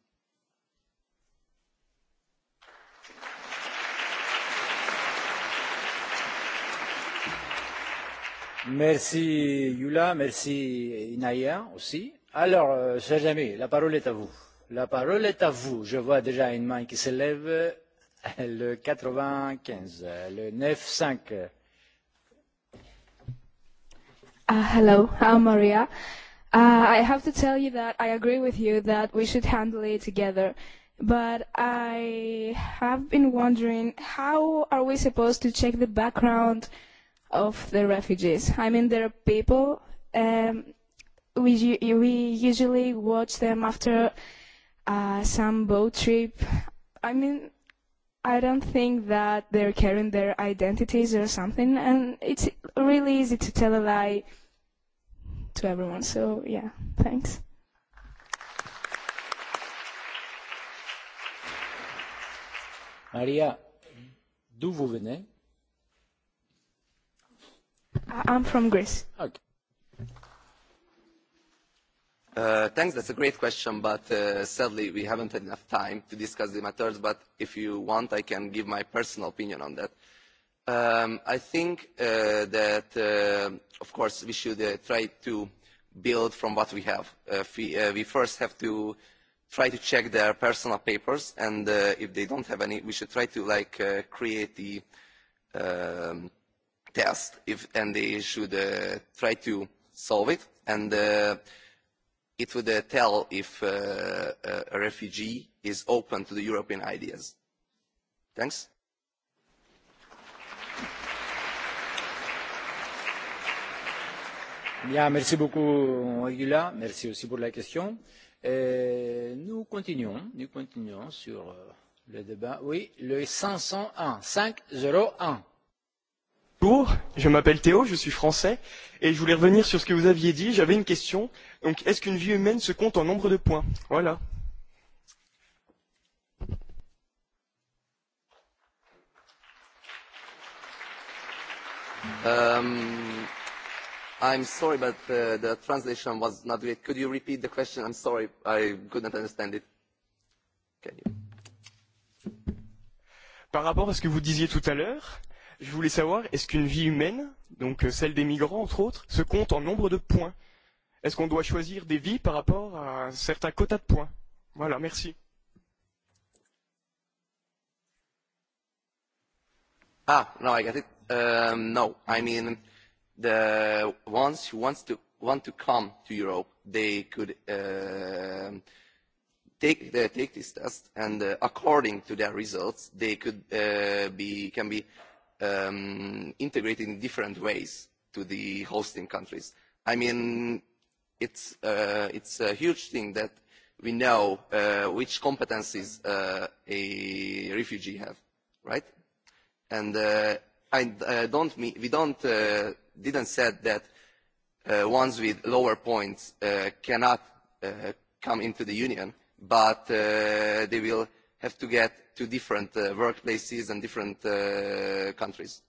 Merci Yula, merci Inaya aussi. Alors, euh, chers amis, la parole est à vous. La parole est à vous. Je vois déjà une main qui s'élève. Le 95, le 95. Uh, ah, hello, I'm Maria. Uh, I have to tell you that I agree with you that we should handle it together. But I have been wondering, how are we supposed to check the background of the refugees. I mean, there are people, um, we, we usually watch them after uh, some boat trip. I mean, I don't think that they're carrying their identities or something, and it's really easy to tell a lie to everyone. So, yeah, thanks. Maria, d'où vous venez I'm from Greece. Okay. Uh, thanks, that's a great question, but uh, sadly we haven't had enough time to discuss the matters, but if you want I can give my personal opinion on that. Um, I think uh, that, uh, of course, we should uh, try to build from what we have. Uh, we, uh, we first have to try to check their personal papers, and uh, if they don't have any, we should try to like uh, create the um, uh, test if, and they should uh, try to solve it. And uh, it would uh, tell if uh, uh, a refugee is open to the European ideas. Thanks. Bien, merci beaucoup, Aguila. Merci aussi pour la question. Et euh, nous continuons, nous continuons sur euh, le débat. Oui, le 501, 501. Bonjour, je m'appelle Théo, je suis français et je voulais revenir sur ce que vous aviez dit. J'avais une question. Donc, est-ce qu'une vie humaine se compte en nombre de points Voilà. Um, I'm sorry, but uh, the translation was not great. Could you repeat the question? I'm sorry, I couldn't understand it. Can you? Par rapport à ce que vous disiez tout à l'heure, Je voulais savoir, est-ce qu'une vie humaine, donc euh, celle des migrants entre autres, se compte en nombre de points Est-ce qu'on doit choisir des vies par rapport à un certain quota de points Voilà, merci. Ah, no, I get it. Um, no, I mean the ones who wants to want to come to Europe, they could uh, take the, take this test, and uh, according to their results, they could uh, be can be um, integrated in different ways to the hosting countries. I mean, it's, uh, it's a huge thing that we know uh, which competencies uh, a refugee have, right? And uh, I uh, don't mean, we don't, uh, didn't said that uh, ones with lower points uh, cannot uh, come into the union, but uh, they will have to get to different uh, workplaces and different uh, countries.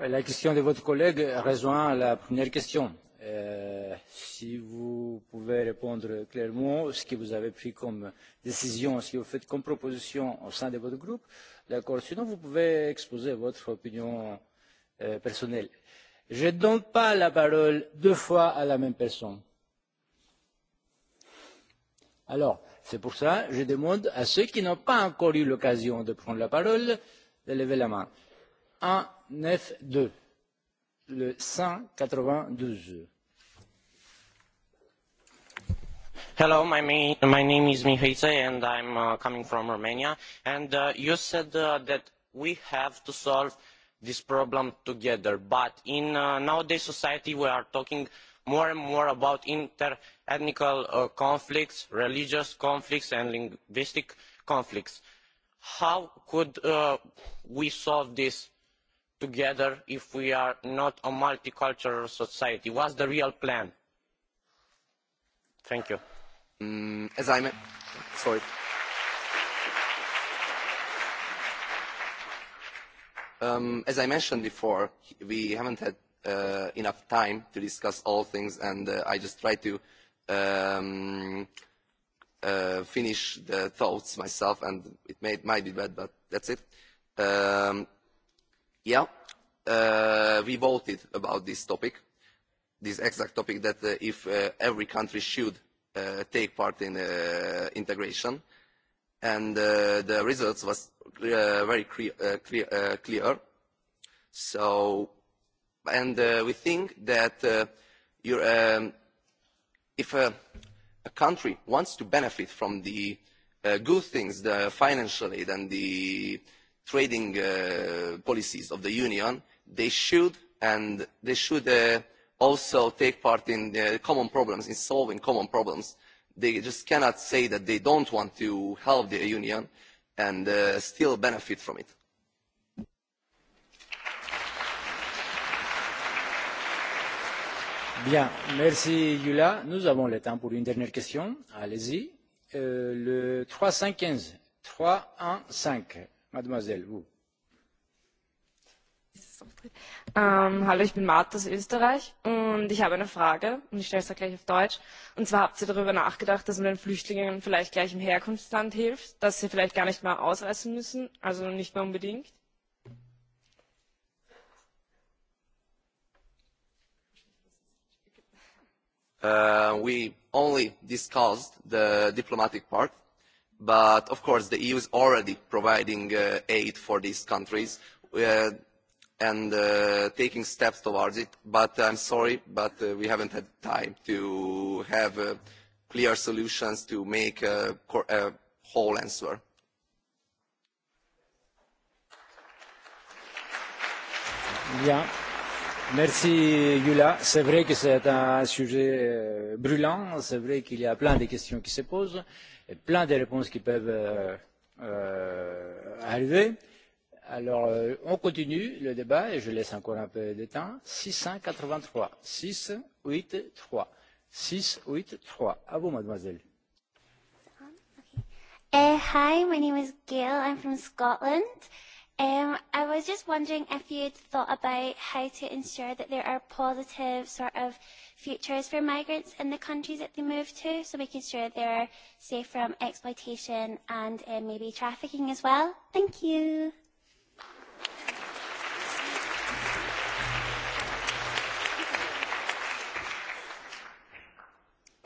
La question de votre collègue rejoint la première question. Euh, si vous pouvez répondre clairement ce que vous avez pris comme décision, ce que vous faites comme proposition au sein de votre groupe, d'accord. Sinon, vous pouvez exposer votre opinion euh, personnelle. Euh, Je ne donne pas la parole deux fois à la même personne. Alors, c'est pour ça que je demande à ceux qui n'ont pas encore eu l'occasion de prendre la parole de lever la main. 1, 9, 2, le 192. Hello, my, main, my name is Mihaice and I'm uh, coming from Romania. And uh, you said uh, that we have to solve this problem together. But in uh, nowadays society, we are talking more and more about inter-ethnic uh, conflicts, religious conflicts, and linguistic conflicts. How could uh, we solve this together if we are not a multicultural society? What's the real plan? Thank you. Mm, as I'm, sorry. Um, as I mentioned before, we haven't had uh, enough time to discuss all things, and uh, I just try to um, uh, finish the thoughts myself, and it may, might be bad, but that's it. Um, yeah, uh, we voted about this topic, this exact topic that uh, if uh, every country should uh, take part in uh, integration, uh, and uh, the results was uh, very clear, uh, clear, uh, clear. So, and uh, we think that uh, you're, um, if a, a country wants to benefit from the uh, good things, the financial aid and the trading uh, policies of the union, they should and they should uh, also take part in the common problems, in solving common problems They just cannot say that they don't want to help the union and uh, still benefit from it. Bien, merci Yula. Nous avons le temps pour une dernière question. Allez-y. Euh, le 315. 315. Mademoiselle, vous. Ähm, hallo, ich bin Mart aus Österreich und ich habe eine Frage und ich stelle es auch gleich auf Deutsch. Und zwar habt ihr darüber nachgedacht, dass man den Flüchtlingen vielleicht gleich im Herkunftsland hilft, dass sie vielleicht gar nicht mal ausreißen müssen, also nicht mehr unbedingt? Uh, we only discussed the diplomatic part, but of course the EU is already providing uh, aid for these countries. Uh, and uh, taking steps towards it, but I'm sorry, but uh, we haven't had time to have uh, clear solutions to make a, uh, a uh, whole answer. Yeah. Merci Yula. C'est vrai que c'est un sujet euh, brûlant, c'est vrai qu'il y a plein de questions qui se posent, et plein de réponses qui peuvent euh, euh, arriver. Euh, Alors, euh, on continue le débat et je laisse encore un peu de temps. 683. 6, 8, 3. 6, 8, 3. À vous, mademoiselle. okay. Uh, hi, my name is Gail. I'm from Scotland. Um, I was just wondering if you'd thought about how to ensure that there are positive sort of futures for migrants in the countries that they move to, so making sure they're safe from exploitation and uh, maybe trafficking as well. Thank you.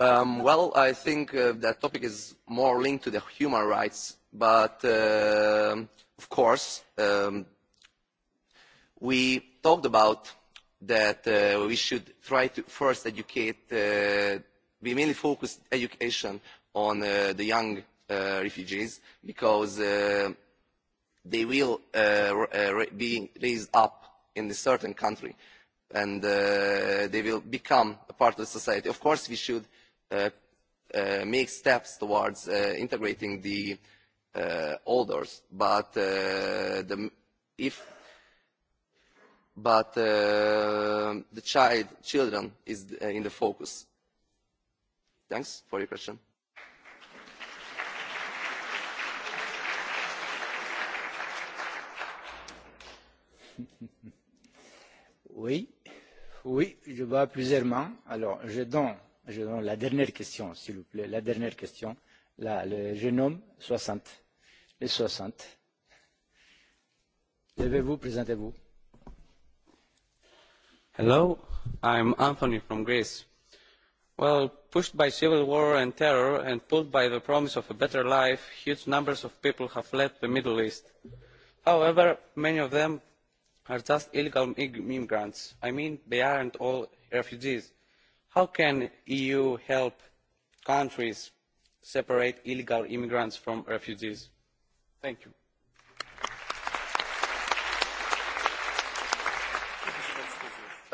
Um, well, I think uh, that topic is more linked to the human rights, but uh, of course, um, we talked about that uh, we should try to first educate, uh, we mainly focus education on uh, the young uh, refugees because uh, they will uh, uh, be raised up in a certain country and uh, they will become a part of the society. Of course, we should uh, uh, make steps towards uh, integrating the uh, orders, but uh, the, if but uh, the child children is uh, in the focus. Thanks for your question. Oui, oui, je vois plusieurs mains. Alors, je donne je donne la dernière question, s'il vous plaît, la dernière question. Là, le jeune homme, 60. Les 60. Levez-vous, présentez-vous. Hello, I'm Anthony from Greece. Well, pushed by civil war and terror and pulled by the promise of a better life, huge numbers of people have fled the Middle East. However, many of them are just illegal immigrants. I mean, they aren't all refugees How can the EU help countries separate illegal immigrants from refugees? Thank you.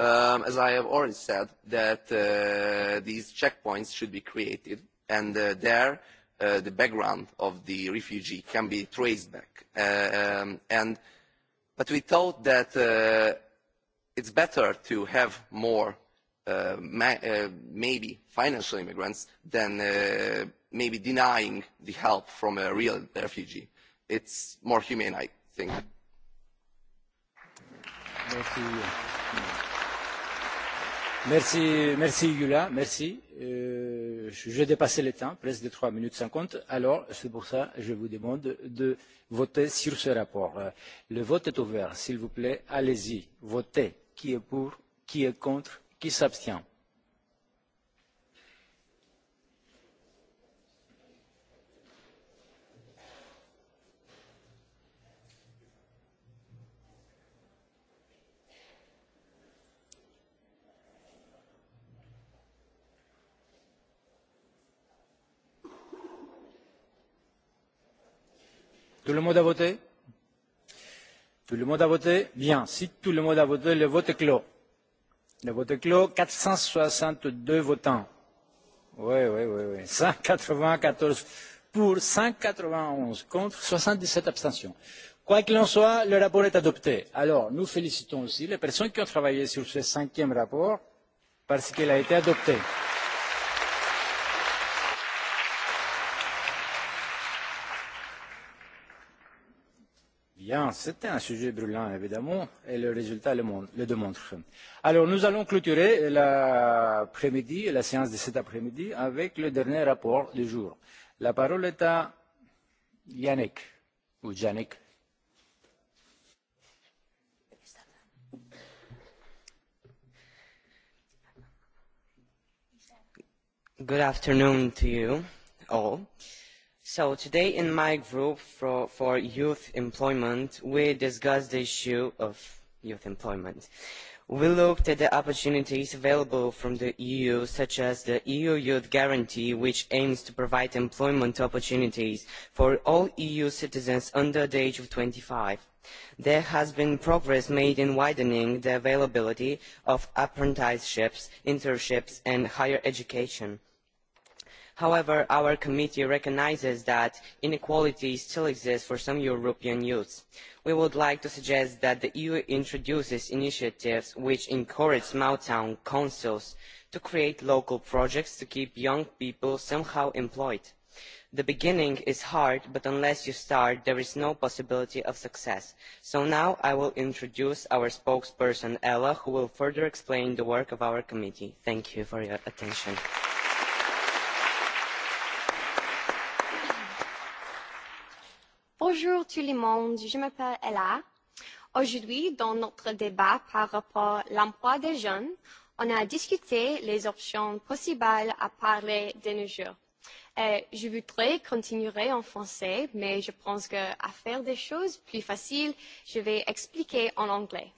Um, as I have already said, that uh, these checkpoints should be created, and uh, there uh, the background of the refugee can be traced back. Uh, um, and, but we thought that uh, it's better to have more uh, ma uh, maybe financial immigrants than uh, maybe denying the help from a real refugee. It's more humane, I think. Merci. Merci, merci Yula, merci. Euh, J'ai dépassé le temps, presque de 3 minutes 50. Alors, c'est pour ça que je vous demande de voter sur ce rapport. Le vote est ouvert, s'il vous plaît, allez-y, votez. Qui est pour, qui est contre, Qui s'abstient Tout le monde a voté Tout le monde a voté Bien. Si tout le monde a voté, le vote est clos. Le vote est clos. 462 votants. Oui, oui, oui, oui. 194 pour, 191 contre, 77 abstentions. Quoi qu'il en soit, le rapport est adopté. Alors, nous félicitons aussi les personnes qui ont travaillé sur ce cinquième rapport parce qu'il a été adopté. Applaudissements Bien, c'était un sujet brûlant, évidemment, et le résultat le, le démontre. Alors, nous allons clôturer l'après-midi, la séance de cet après-midi, avec le dernier rapport du jour. La parole est à Yannick, ou Yannick. Good afternoon to you all. So today in my group for, for youth employment, we discussed the issue of youth employment. We looked at the opportunities available from the EU, such as the EU Youth Guarantee, which aims to provide employment opportunities for all EU citizens under the age of twenty five. There has been progress made in widening the availability of apprenticeships, internships and higher education. However, our committee recognises that inequality still exists for some European youths. We would like to suggest that the EU introduces initiatives which encourage small town councils to create local projects to keep young people somehow employed. The beginning is hard, but unless you start, there is no possibility of success. So now I will introduce our spokesperson, Ella, who will further explain the work of our committee. Thank you for your attention. Bonjour tout le monde, je m'appelle Ella. Aujourd'hui, dans notre débat par rapport à l'emploi des jeunes, on a discuté les options possibles à parler de nos jours. Et euh, je voudrais continuer en français, mais je pense que à faire des choses plus faciles, je vais expliquer en anglais.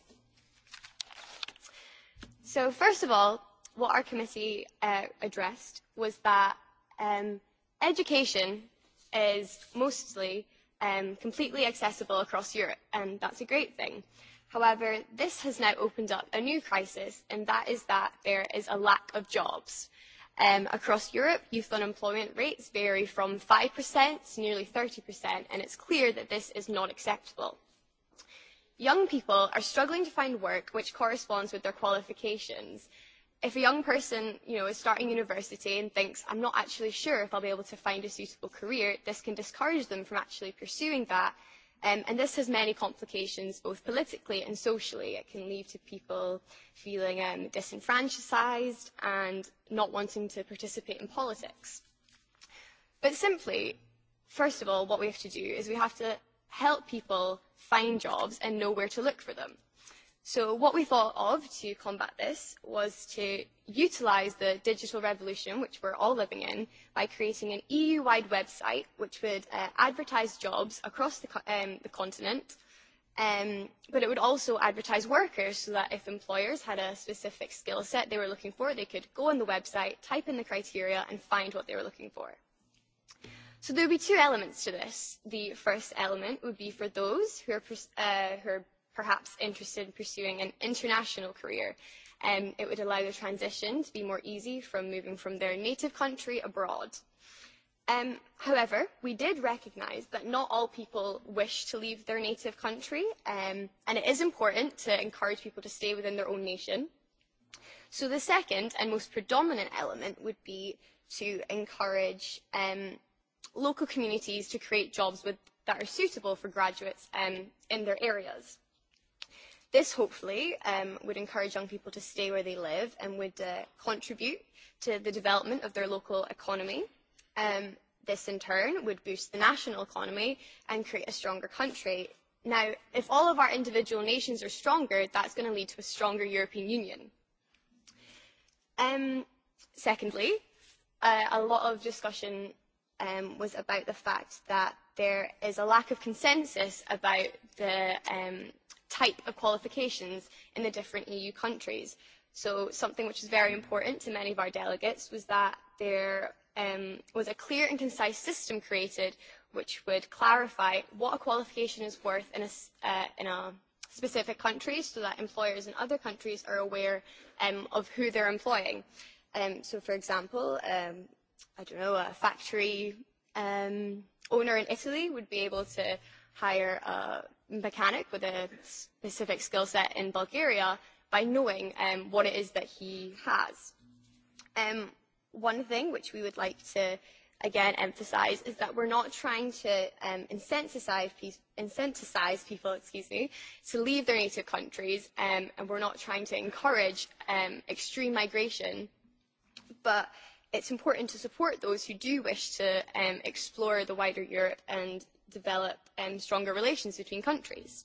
So first of all, what our committee uh, addressed was that um, education is mostly um, completely accessible across Europe, and that's a great thing. However, this has now opened up a new crisis, and that is that there is a lack of jobs. Um, across Europe, youth unemployment rates vary from 5% to nearly 30%, and it's clear that this is not acceptable. Young people are struggling to find work which corresponds with their qualifications, if a young person, you know, is starting university and thinks, I'm not actually sure if I'll be able to find a suitable career, this can discourage them from actually pursuing that. Um, and this has many complications, both politically and socially. It can lead to people feeling um, disenfranchised and not wanting to participate in politics. But simply, first of all, what we have to do is we have to help people find jobs and know where to look for them. So what we thought of to combat this was to utilize the digital revolution, which we're all living in, by creating an EU-wide website which would uh, advertise jobs across the, co um, the continent, um, but it would also advertise workers so that if employers had a specific skill set they were looking for, they could go on the website, type in the criteria, and find what they were looking for. So there would be two elements to this. The first element would be for those who are, uh, who are perhaps interested in pursuing an international career. Um, it would allow the transition to be more easy from moving from their native country abroad. Um, however, we did recognise that not all people wish to leave their native country, um, and it is important to encourage people to stay within their own nation. So the second and most predominant element would be to encourage um, local communities to create jobs with, that are suitable for graduates um, in their areas. This hopefully um, would encourage young people to stay where they live and would uh, contribute to the development of their local economy. Um, this in turn would boost the national economy and create a stronger country. Now, if all of our individual nations are stronger, that's going to lead to a stronger European Union. Um, secondly, uh, a lot of discussion um, was about the fact that there is a lack of consensus about the um, type of qualifications in the different EU countries. So something which is very important to many of our delegates was that there um, was a clear and concise system created which would clarify what a qualification is worth in a, uh, in a specific country so that employers in other countries are aware um, of who they're employing. Um, so, for example, um, I don't know, a factory um, owner in Italy would be able to hire a mechanic with a specific skill set in Bulgaria by knowing um, what it is that he has. Um, one thing which we would like to again emphasize is that we're not trying to um, incentivize, pe- incentivize people excuse me, to leave their native countries um, and we're not trying to encourage um, extreme migration, but it's important to support those who do wish to um, explore the wider Europe and develop um, stronger relations between countries.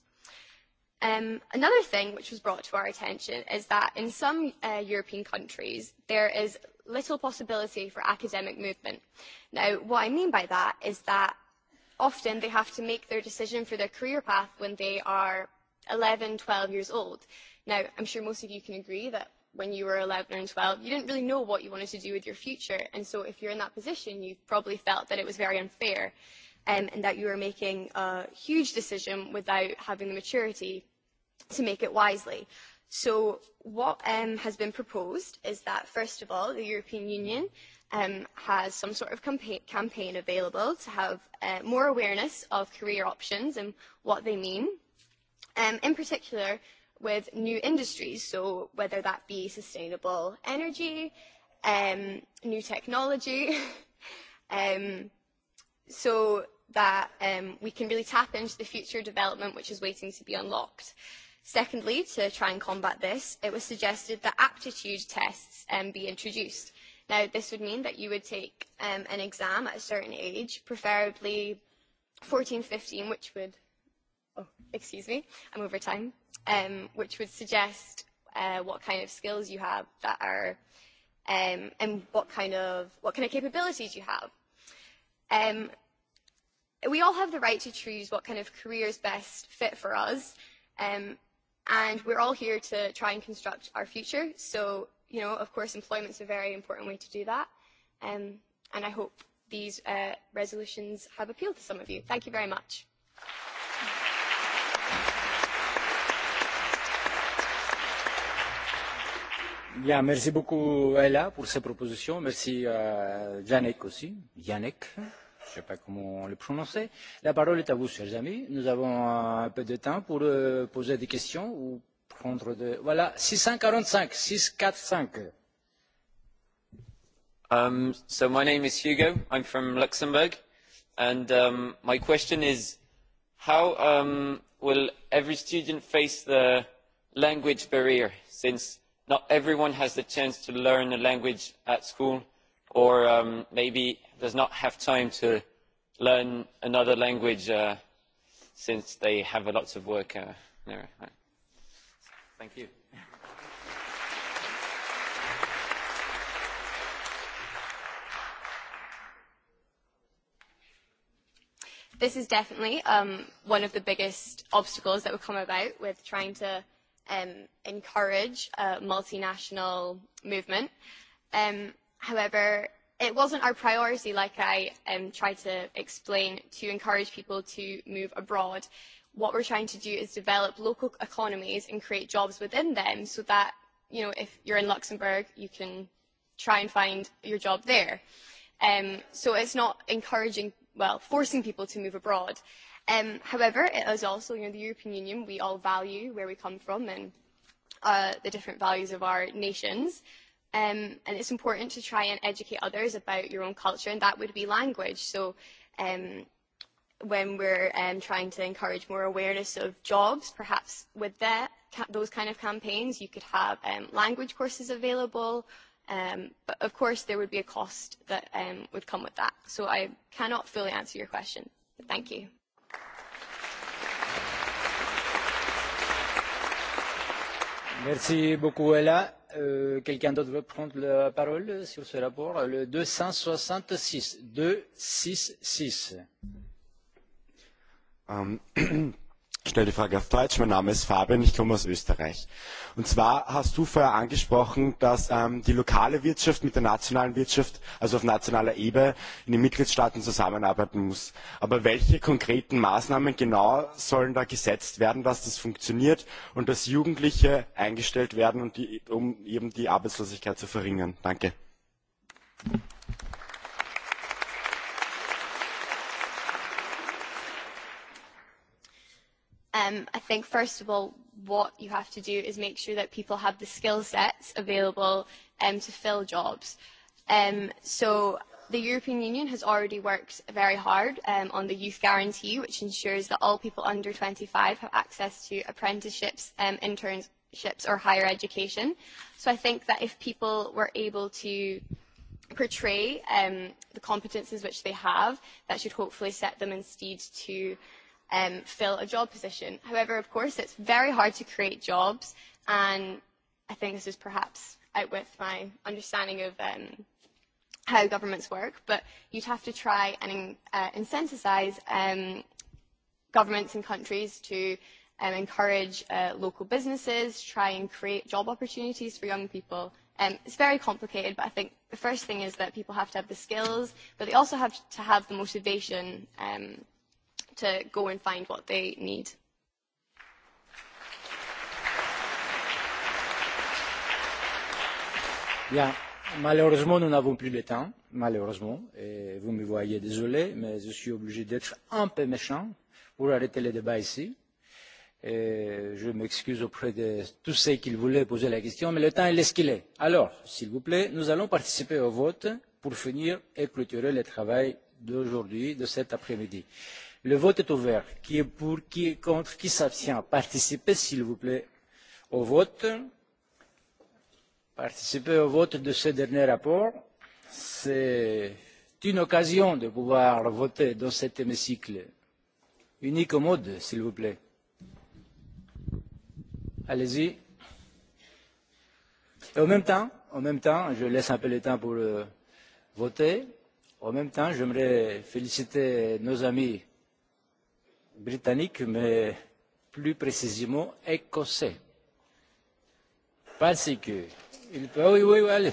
Um, another thing which was brought to our attention is that in some uh, European countries there is little possibility for academic movement. Now, what I mean by that is that often they have to make their decision for their career path when they are 11, 12 years old. Now, I'm sure most of you can agree that when you were 11 and 12, you didn't really know what you wanted to do with your future. And so if you're in that position, you probably felt that it was very unfair um, and that you are making a huge decision without having the maturity to make it wisely. So what um, has been proposed is that, first of all, the European Union um, has some sort of campaign, campaign available to have uh, more awareness of career options and what they mean, um, in particular with new industries, so whether that be sustainable energy, um, new technology. um, so that um, we can really tap into the future development which is waiting to be unlocked. Secondly, to try and combat this, it was suggested that aptitude tests um, be introduced. Now, this would mean that you would take um, an exam at a certain age, preferably 14, 15, which would, oh, excuse me, I'm over time, um, which would suggest uh, what kind of skills you have that are, um, and what kind of, what kind of capabilities you have. Um, we all have the right to choose what kind of career is best fit for us. Um, and we're all here to try and construct our future. So, you know, of course, employment's a very important way to do that. Um, and I hope these uh, resolutions have appealed to some of you. Thank you very much. Yeah, merci beaucoup, Ella, pour ces propositions. Merci uh, Janek, aussi. Janek je ne sais pas comment le prononcer. La parole est à vous, chers amis. Nous avons un peu de temps pour euh, poser des questions ou prendre de... Voilà, 645, 645. Um, so my name is Hugo. I'm from Luxembourg. And um, my question is, how um, will every student face the language barrier since not everyone has the chance to learn a language at school or um, maybe does not have time to learn another language uh, since they have a lot of work uh, there. Thank you. This is definitely um, one of the biggest obstacles that would come about with trying to um, encourage a multinational movement. Um, However, it wasn't our priority, like I um, tried to explain, to encourage people to move abroad. What we're trying to do is develop local economies and create jobs within them so that, you know, if you're in Luxembourg, you can try and find your job there. Um, so it's not encouraging, well, forcing people to move abroad. Um, however, it is also, you know, the European Union, we all value where we come from and uh, the different values of our nations. Um, and it's important to try and educate others about your own culture, and that would be language. So um, when we're um, trying to encourage more awareness of jobs, perhaps with that, those kind of campaigns, you could have um, language courses available. Um, but of course, there would be a cost that um, would come with that. So I cannot fully answer your question, but thank you. Merci beaucoup, Ella. Euh, quelqu'un d'autre veut prendre la parole sur ce rapport Le 266. 266. Um, Ich stelle die Frage auf Deutsch. Mein Name ist Fabian, ich komme aus Österreich. Und zwar hast du vorher angesprochen, dass ähm, die lokale Wirtschaft mit der nationalen Wirtschaft, also auf nationaler Ebene, in den Mitgliedstaaten zusammenarbeiten muss. Aber welche konkreten Maßnahmen genau sollen da gesetzt werden, dass das funktioniert und dass Jugendliche eingestellt werden, und die, um eben die Arbeitslosigkeit zu verringern? Danke. Um, I think, first of all, what you have to do is make sure that people have the skill sets available um, to fill jobs. Um, so the European Union has already worked very hard um, on the youth guarantee, which ensures that all people under 25 have access to apprenticeships, um, internships or higher education. So I think that if people were able to portray um, the competences which they have, that should hopefully set them in steed to um, fill a job position. However, of course, it's very hard to create jobs, and I think this is perhaps out with my understanding of um, how governments work, but you'd have to try and uh, incentivize um, governments and countries to um, encourage uh, local businesses, try and create job opportunities for young people. Um, it's very complicated, but I think the first thing is that people have to have the skills, but they also have to have the motivation um, to go and find what they need. Bien. Malheureusement, nous n'avons plus le temps, malheureusement, et vous me voyez désolé, mais je suis obligé d'être un peu méchant pour arrêter le débat ici. Et je m'excuse auprès de tous ceux qui voulaient poser la question, mais le temps est ce qu'il est. Alors, s'il vous plaît, nous allons participer au vote pour finir et clôturer le travail d'aujourd'hui, de cet après-midi. Le vote est ouvert. Qui est pour, qui est contre, qui s'abstient Participez, s'il vous plaît, au vote. Participez au vote de ce dernier rapport. C'est une occasion de pouvoir voter dans cet hémicycle. Unique au mode, s'il vous plaît. Allez-y. Et en même temps, en même temps, je laisse un peu le temps pour euh, voter. En même temps, j'aimerais féliciter nos amis britannique, mais plus précisément écossais. Parce que... Il peut... Oui, oui, oui. Allez.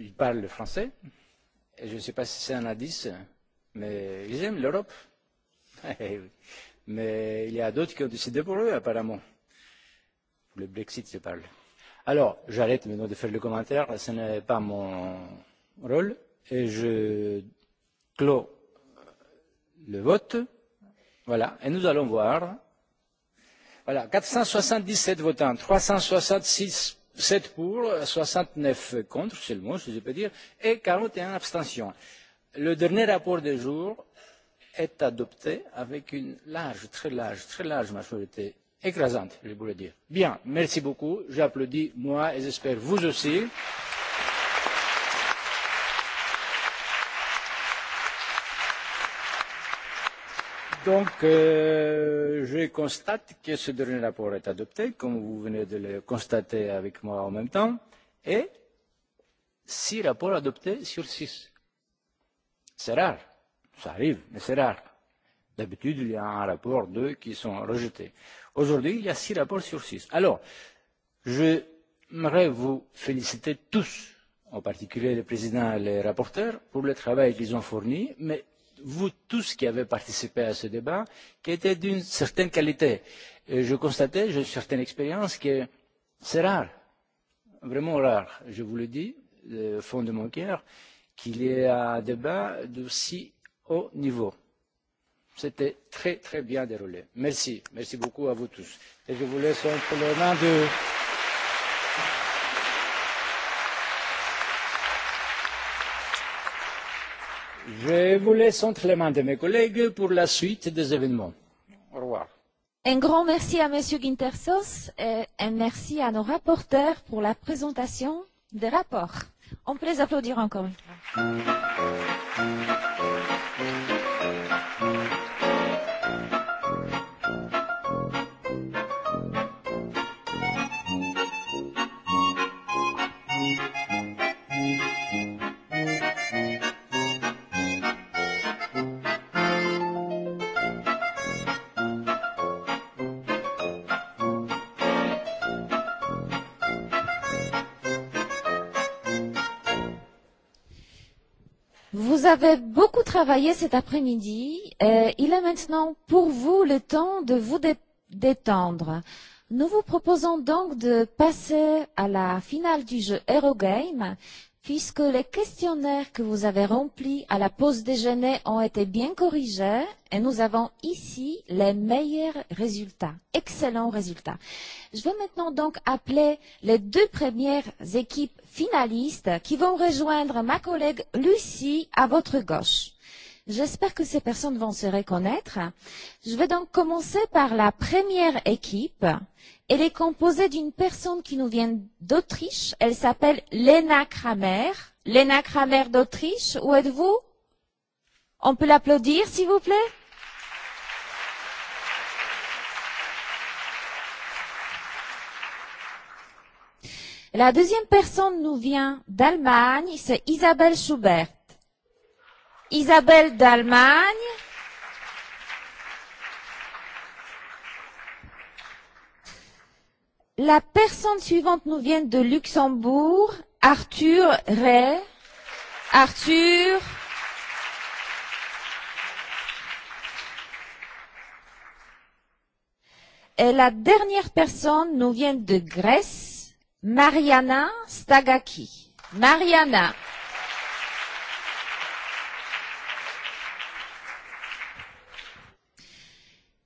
Il parle le français. Et je ne sais pas si c'est un indice, mais ils aiment l'Europe. Eh mais il y a d'autres qui ont décidé pour eux, apparemment. Pour le Brexit, je parle. Alors, j'arrête maintenant de faire le commentaire, ce n'est pas mon rôle, et je clôt le vote. Voilà, et nous allons voir. Voilà, 477 votants, 366 7 pour, 69 contre seulement, si je peux dire, et 41 abstentions. Le dernier rapport du jour est adopté avec une large, très large, très large majorité écrasante, je pourrais dire. Bien, merci beaucoup. J'applaudis moi et j'espère vous aussi. Donc, euh, je constate que ce dernier rapport est adopté, comme vous venez de le constater avec moi en même temps, et six rapports adoptés sur six. C'est rare, ça arrive, mais c'est rare. D'habitude, il y a un rapport, deux qui sont rejetés. Aujourd'hui, il y a six rapports sur six. Alors, j'aimerais vous féliciter tous, en particulier le président et les rapporteurs, pour le travail qu'ils ont fourni, mais vous tous qui avez participé à ce débat, qui était d'une certaine qualité. Et je constatais, j'ai une certaine expérience, que c'est rare, vraiment rare, je vous le dis, au fond de mon cœur, qu'il y ait un débat de si haut niveau. C'était très, très bien déroulé. Merci. Merci beaucoup à vous tous. Et je vous laisse entre les mains de... Je vous laisse entre les mains de mes collègues pour la suite des événements. Au revoir. Un grand merci à M. Guintersos et euh, un merci à nos rapporteurs pour la présentation des rapports. On peut les applaudir encore une fois. avez beaucoup travaillé cet après-midi. Euh, il est maintenant pour vous le temps de vous dé détendre. Nous vous proposons donc de passer à la finale du jeu Game puisque les questionnaires que vous avez remplis à la pause déjeuner ont été bien corrigés et nous avons ici les meilleurs résultats, excellents résultats. Je vais maintenant donc appeler les deux premières équipes finalistes qui vont rejoindre ma collègue Lucie à votre gauche. J'espère que ces personnes vont se reconnaître. Je vais donc commencer par la première équipe Elle est composée d'une personne qui nous vient d'Autriche. Elle s'appelle Lena Kramer. Lena Kramer d'Autriche, où êtes-vous On peut l'applaudir, s'il vous plaît La deuxième personne nous vient d'Allemagne, c'est Isabelle Schubert. Isabelle d'Allemagne. La personne suivante nous vient de Luxembourg, Arthur Ray. Arthur. Et la dernière personne nous vient de Grèce, Mariana Stagaki. Mariana. Mariana.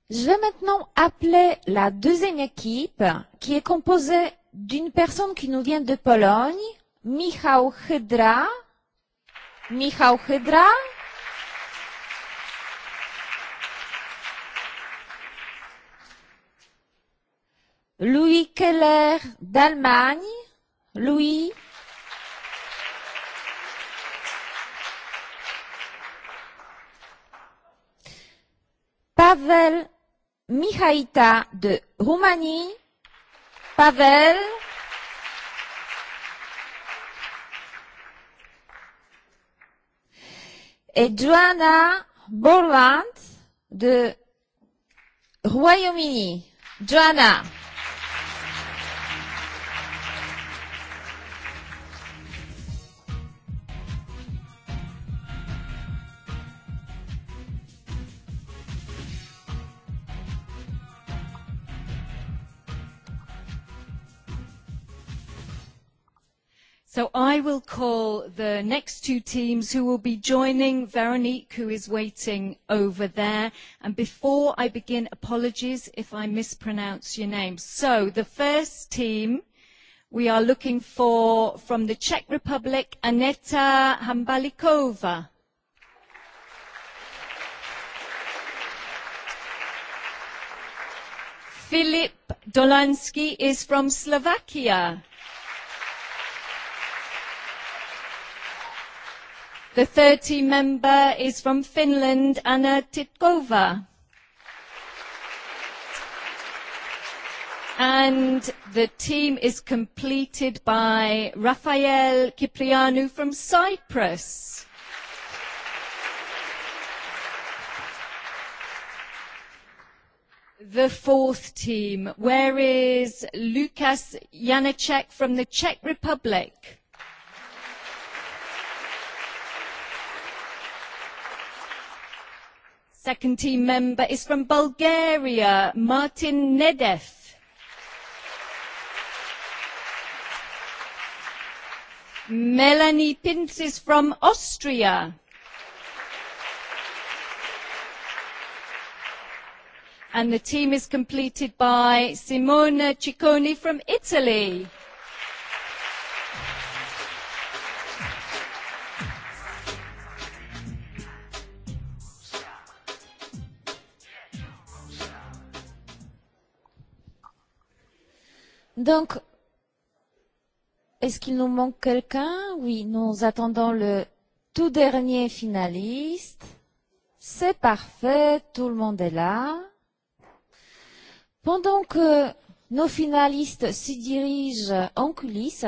Je vais maintenant appeler la deuxième équipe qui est composée d'une personne qui nous vient de Pologne, Michał Hydra. Michał Hydra. Louis Keller d'Allemagne. Louis. Pavel Mihaita de Roumanie, Pavel, et Joanna Borland de Royaume-Uni. Joanna. So I will call the next two teams who will be joining Veronique, who is waiting over there. And before I begin, apologies if I mispronounce your name. So the first team we are looking for from the Czech Republic, Aneta Hambalikova. Filip Dolansky is from Slovakia. The third team member is from Finland, Anna Titkova. And the team is completed by Rafael Kiprianou from Cyprus. The fourth team, where is Lukas Janacek from the Czech Republic? Second team member is from Bulgaria, Martin Nedev. Melanie Pintz is from Austria. And the team is completed by Simona Ciccone from Italy. Donc, est-ce qu'il nous manque quelqu'un Oui, nous attendons le tout dernier finaliste. C'est parfait, tout le monde est là. Pendant que nos finalistes se dirigent en coulisses.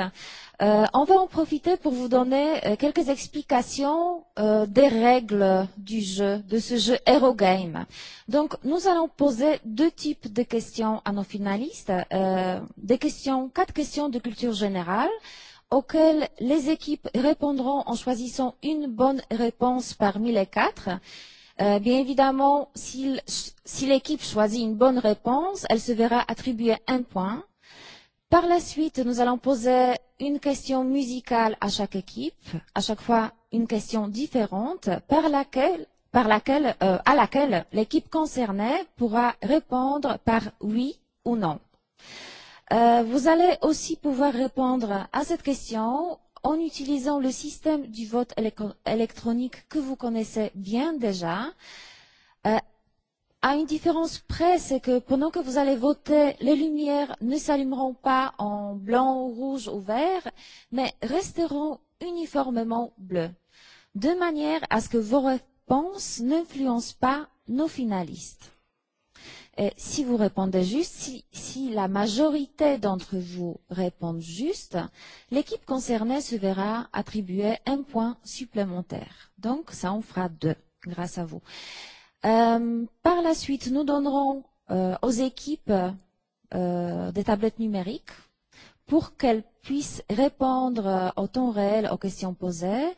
Euh, on va en profiter pour vous donner euh, quelques explications euh, des règles du jeu, de ce jeu Aerogame. Donc, nous allons poser deux types de questions à nos finalistes. Euh, des questions, quatre questions de culture générale auxquelles les équipes répondront en choisissant une bonne réponse parmi les quatre. Euh, Euh, bien évidemment, si, si l'équipe choisit une bonne réponse, elle se verra attribuer un point. Par la suite, nous allons poser une question musicale à chaque équipe, à chaque fois une question différente, par laquelle, par laquelle, euh, à laquelle l'équipe concernée pourra répondre par oui ou non. Euh, vous allez aussi pouvoir répondre à cette question en utilisant le système du vote électronique que vous connaissez bien déjà. Euh, à une différence près, c'est que pendant que vous allez voter, les lumières ne s'allumeront pas en blanc, rouge ou vert, mais resteront uniformément bleues, de manière à ce que vos réponses n'influencent pas nos finalistes. Et eh, si vous répondez juste, si, si la majorité d'entre vous répondent juste, l'équipe concernée se verra attribuer un point supplémentaire. Donc, ça en fera deux, grâce à vous. Euh, par la suite, nous donnerons euh, aux équipes euh, des tablettes numériques pour qu'elles puissent répondre euh, au temps réel aux questions posées.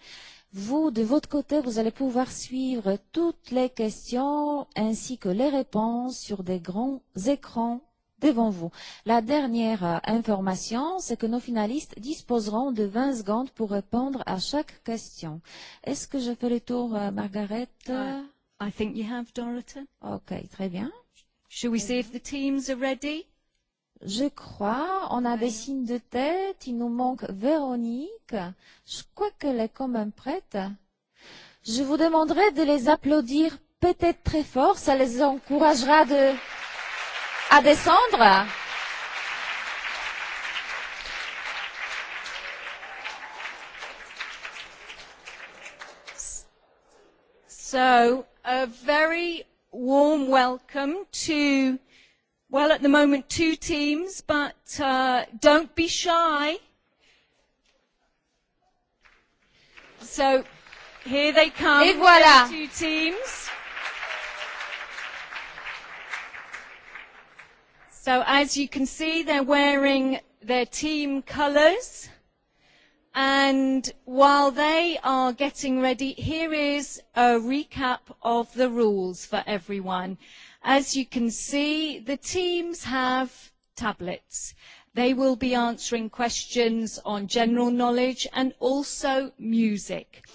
Vous, de votre côté, vous allez pouvoir suivre toutes les questions ainsi que les réponses sur des grands écrans devant vous. La dernière euh, information, c'est que nos finalistes disposeront de 20 secondes pour répondre à chaque question. Est-ce que je fais le tour, euh, Margaret uh, I think you have, Dorothy. Okay, très bien. Should we see if the teams are ready? Je crois, on a des signes de tête, il nous manque Véronique. Je crois qu'elle est quand même prête. Je vous demanderai de les applaudir peut-être très fort, ça les encouragera de, à descendre. So, a very warm welcome to well, at the moment, two teams, but uh, don't be shy. So here they come, Et voilà. two teams. So as you can see, they're wearing their team colours. And while they are getting ready, here is a recap of the rules for everyone. As you can see, the teams have tablets. They will be answering questions on general knowledge and also music.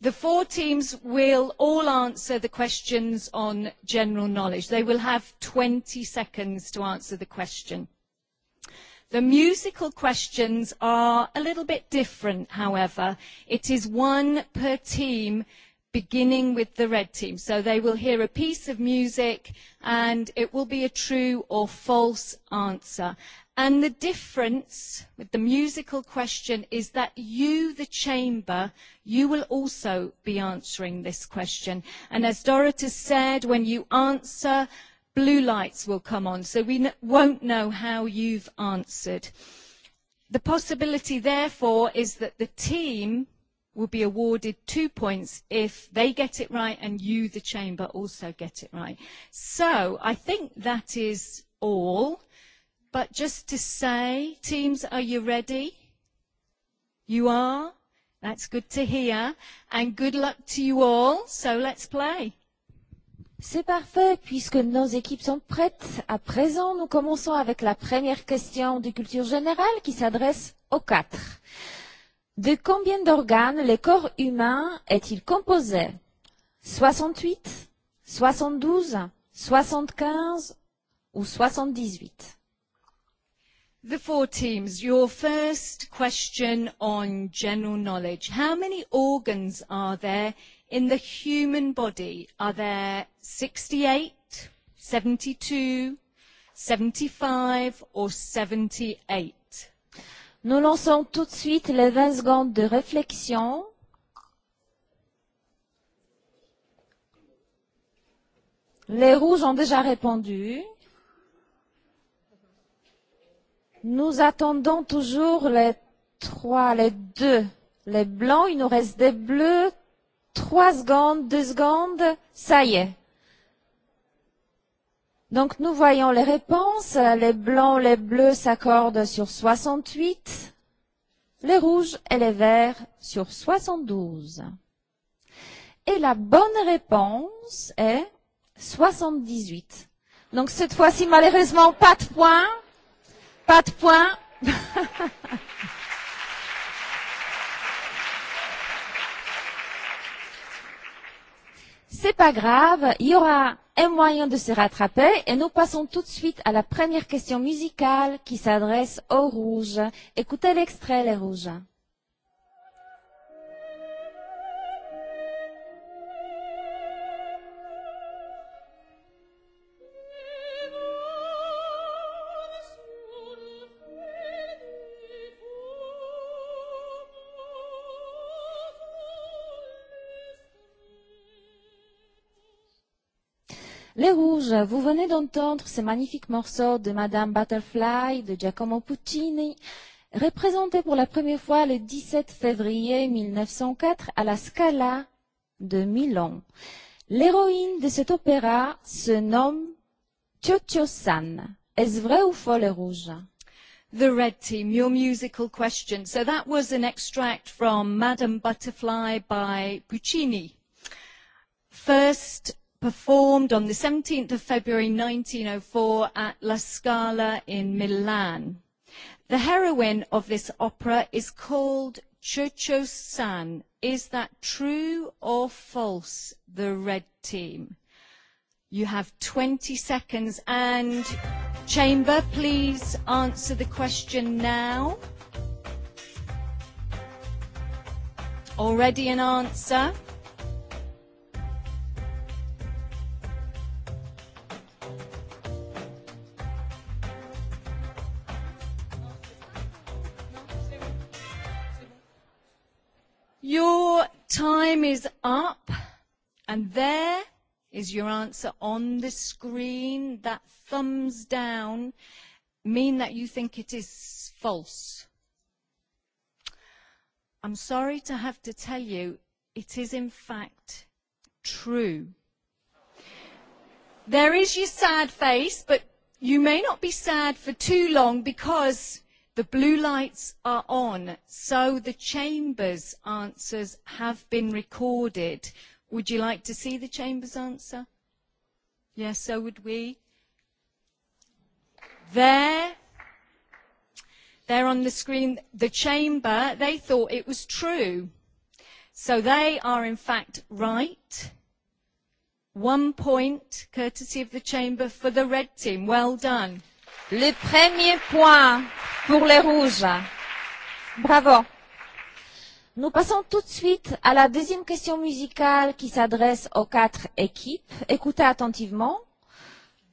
The four teams will all answer the questions on general knowledge. They will have 20 seconds to answer the question. The musical questions are a little bit different, however. It is one per team beginning with the red team. So they will hear a piece of music and it will be a true or false answer. And the difference with the musical question is that you, the chamber, you will also be answering this question. And as Dorota said, when you answer, blue lights will come on. So we won't know how you've answered. The possibility, therefore, is that the team will be awarded two points if they get it right and you, the chamber, also get it right. So I think that is all. But just to say, teams, are you ready? You are? That's good to hear. And good luck to you all. So let's play. C'est parfait puisque nos équipes sont prêtes. À présent, nous commençons avec la première question de culture générale qui s'adresse aux quatre. De combien d'organes le corps humain est-il composé 68, 72, 75 ou 78 The four teams, your first question on general knowledge. How many organs are there in the human body? Are there 68, 72, 75 or 78? Nous lançons tout de suite les 20 secondes de réflexion. Les rouges ont déjà répondu. Nous attendons toujours les trois, les deux. Les blancs, il nous reste des bleus. Trois secondes, deux secondes. Ça y est. Donc nous voyons les réponses. Les blancs, les bleus s'accordent sur 68. Les rouges et les verts sur 72. Et la bonne réponse est 78. Donc cette fois-ci, malheureusement, pas de points. Pas de points. C'est pas grave, il y aura un moyen de se rattraper et nous passons tout de suite à la première question musicale qui s'adresse aux rouges. Écoutez l'extrait, les rouges. Les Rouges, vous venez d'entendre ce magnifique morceau de Madame Butterfly, de Giacomo Puccini, représenté pour la première fois le 17 février 1904 à la Scala de Milan. L'héroïne de cet opéra se nomme Chocho San. Est-ce vrai ou faux, Les Rouges? The Red Team, your musical question. So that was an extract from Madame Butterfly by Puccini. First, performed on the 17th of February 1904 at La Scala in Milan. The heroine of this opera is called Chocho San. Is that true or false, the red team? You have 20 seconds and Chamber, please answer the question now. Already an answer? Your time is up, and there is your answer on the screen. That thumbs down mean that you think it is false. I'm sorry to have to tell you, it is in fact true. There is your sad face, but you may not be sad for too long because The blue lights are on, so the Chamber's answers have been recorded. Would you like to see the Chamber's answer? Yes, so would we. There, there on the screen, the Chamber, they thought it was true. So they are in fact right. One point, courtesy of the Chamber, for the red team. Well done. Le premier point pour les rouges. Bravo. Nous passons tout de suite à la deuxième question musicale qui s'adresse aux quatre équipes. Écoutez attentivement.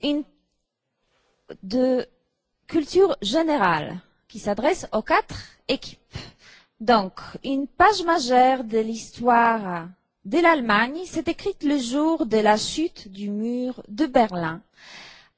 Une de culture générale qui s'adresse aux quatre équipes. Donc, une page majeure de l'histoire de l'Allemagne s'est écrite le jour de la chute du mur de Berlin.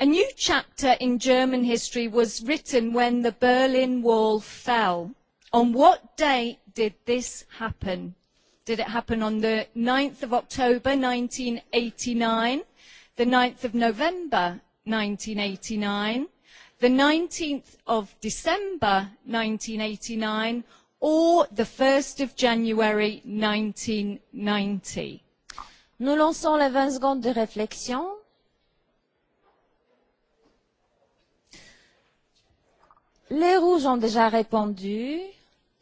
A new chapter in German history was written when the Berlin Wall fell. On what date did this happen? Did it happen on the 9th of October 1989, the 9th of November 1989, the 19th of December 1989, or the 1st of January 1990? Nous lançons les 20 secondes de réflexion Les rouges ont déjà répondu,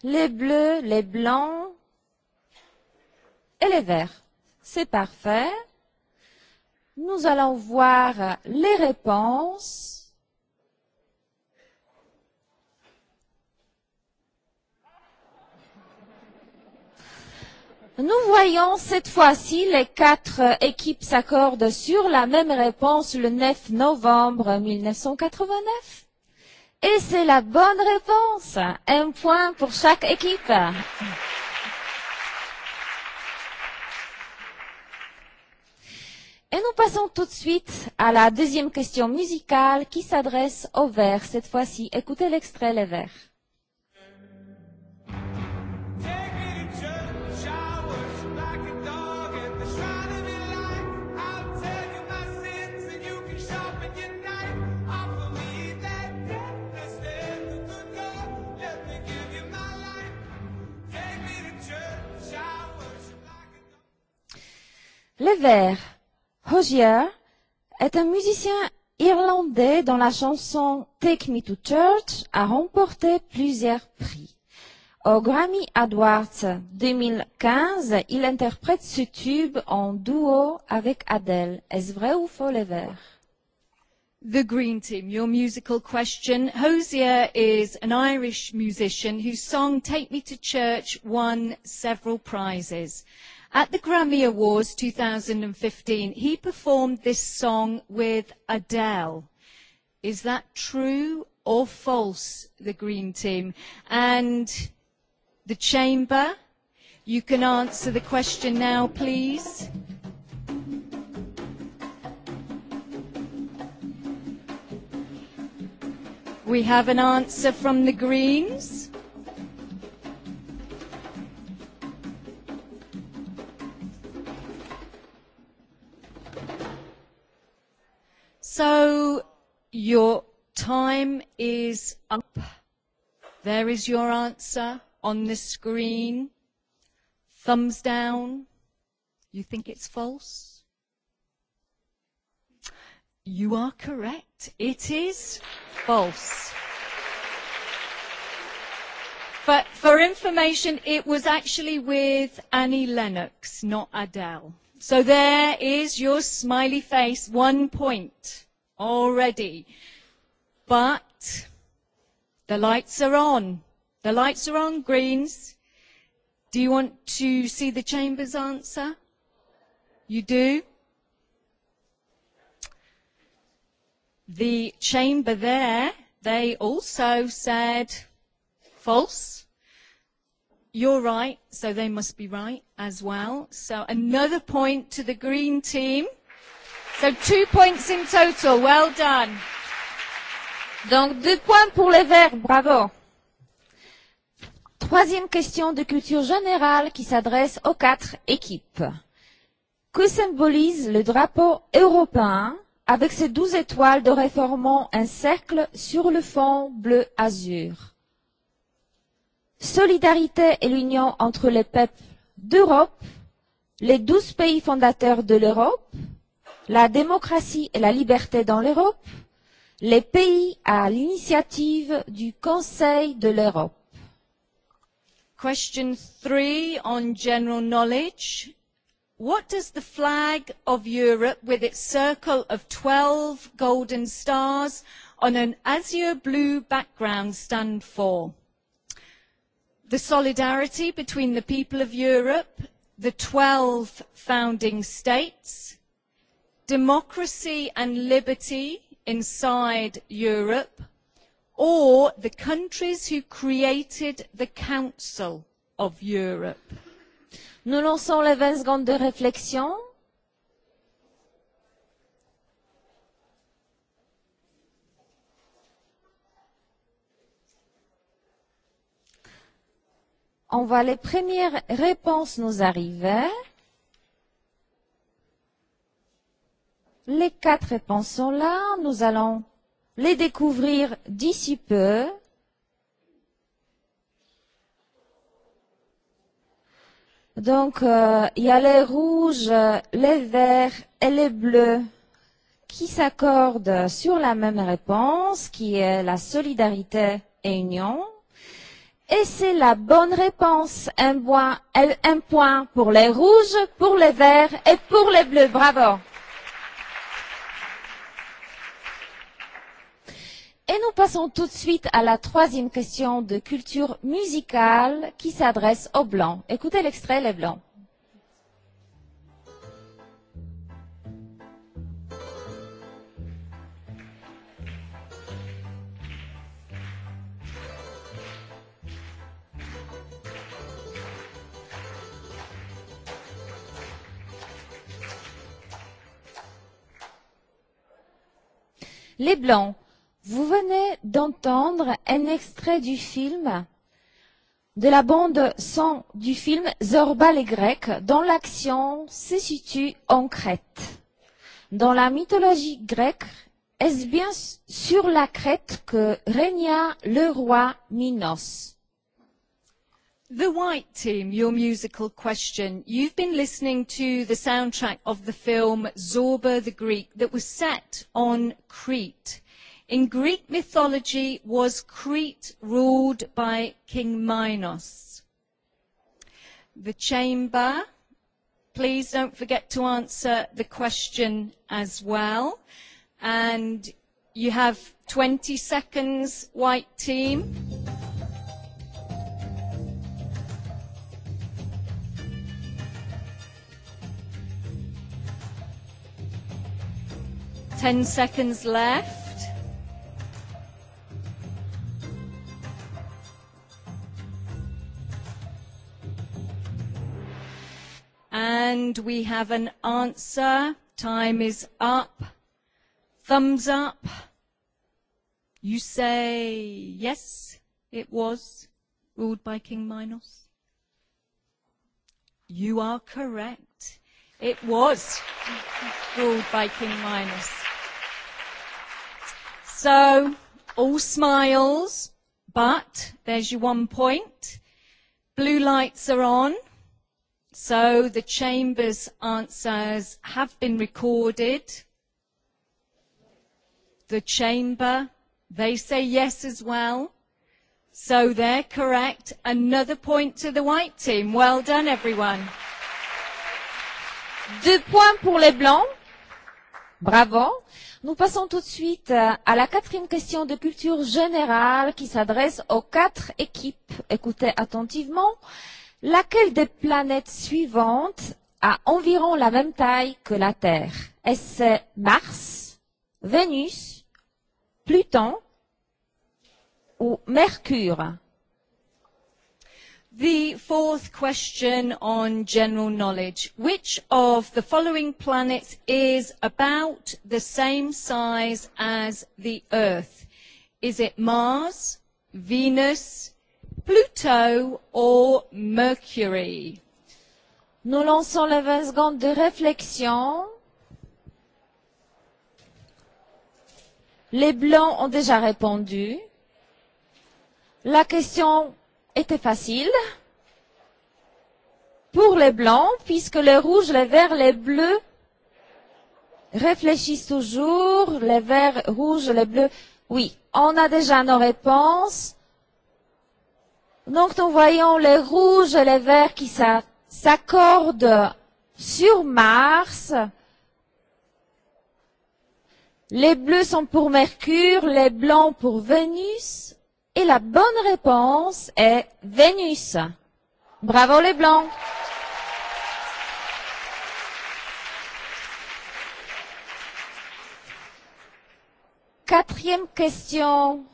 les bleus, les blancs et les verts. C'est parfait. Nous allons voir les réponses. Nous voyons cette fois-ci les quatre équipes s'accordent sur la même réponse le 9 novembre 1989. Et c'est la bonne réponse. Un point pour chaque équipe. Et nous passons tout de suite à la deuxième question musicale qui s'adresse aux vers. Cette fois-ci, écoutez l'extrait Les vers. Levert Verts, Hozier est un musicien irlandais dont la chanson Take Me to Church a remporté plusieurs prix. Au Grammy Awards 2015, il interprète ce tube en duo avec Adele. Est-ce vrai ou faux Levert? The Green Team, your musical question. Hosier is an Irish musician whose song Take Me to Church won several prizes. At the Grammy Awards 2015, he performed this song with Adele. Is that true or false, the Green Team? And the Chamber, you can answer the question now, please. We have an answer from the Greens. So your time is up. There is your answer on the screen. Thumbs down. You think it's false? You are correct. It is false. But for information, it was actually with Annie Lennox, not Adele. So there is your smiley face, one point already. But the lights are on. The lights are on, Greens. Do you want to see the Chamber's answer? You do? The Chamber there, they also said false. You're right, so they must be right as well. So another point to the Green team. So two points in total. Well done. Donc deux points pour les verts. Bravo. Troisième question de culture générale qui s'adresse aux quatre équipes. Que symbolise le drapeau européen avec ses douze étoiles de réformant un cercle sur le fond bleu azur Solidarité et l'union entre les peuples d'Europe, les douze pays fondateurs de l'Europe, la démocratie et la liberté dans l'Europe, les pays à l'initiative du Conseil de l'Europe. Question 3 on general knowledge. What does the flag of Europe with its circle of 12 golden stars on an azure blue background stand for? The solidarity between the people of Europe, the 12 founding states, democracy and liberty inside Europe or the countries who created the Council of Europe. Nous lançons les 20 secondes de réflexion. On voit les premières réponses nous arriver. Les quatre réponses sont là. Nous allons les découvrir d'ici peu. Donc, euh, il euh, y a les rouges, les verts et les bleus qui s'accordent sur la même réponse, qui est la solidarité et union. Et c'est la bonne réponse. Un, point, un point pour les rouges, pour les verts et pour les bleus. Bravo. Et nous passons tout de suite à la troisième question de culture musicale qui s'adresse aux Blancs. Écoutez l'extrait, les Blancs. Les Blancs Vous venez d'entendre un extrait du film de la bande son du film Zorba les Grecs, dont l'action se situe en Crète. Dans la mythologie grecque, est-ce bien sur la Crète que régna le roi Minos? The White Team, your musical question. You've been listening to the soundtrack of the film Zorba the Greek that was set on Crete. In Greek mythology, was Crete ruled by King Minos? The chamber, please don't forget to answer the question as well. And you have 20 seconds, white team. Ten seconds left. And we have an answer. Time is up. Thumbs up. You say yes, it was ruled by King Minos. You are correct. It was ruled by King Minos. So, all smiles, but there's your one point. Blue lights are on. So the Chamber's answers have been recorded. The Chamber, they say yes as well. So they're correct. Another point to the white team. Well done, everyone. Deux points pour les blancs. Bravo. Nous passons tout de suite euh, à la quatrième question de culture générale qui s'adresse aux quatre équipes. Écoutez attentivement. Laquelle des planètes suivantes a environ la même taille que la Terre Est-ce Mars, Vénus, Pluton ou Mercure The fourth question on general knowledge. Which of the following planets is about the same size as the Earth? Is it Mars, Venus, Pluto or Mercury. Nous lançons les 20 secondes de réflexion. Les blancs ont déjà répondu. La question était facile pour les blancs, puisque les rouges, les verts, les bleus réfléchissent toujours. Les verts, rouges, les bleus. Oui, on a déjà nos réponses. Donc nous voyons les rouges et les verts qui s'accordent sur Mars. Les bleus sont pour Mercure, les blancs pour Vénus. Et la bonne réponse est Vénus. Bravo les blancs. Quatrième question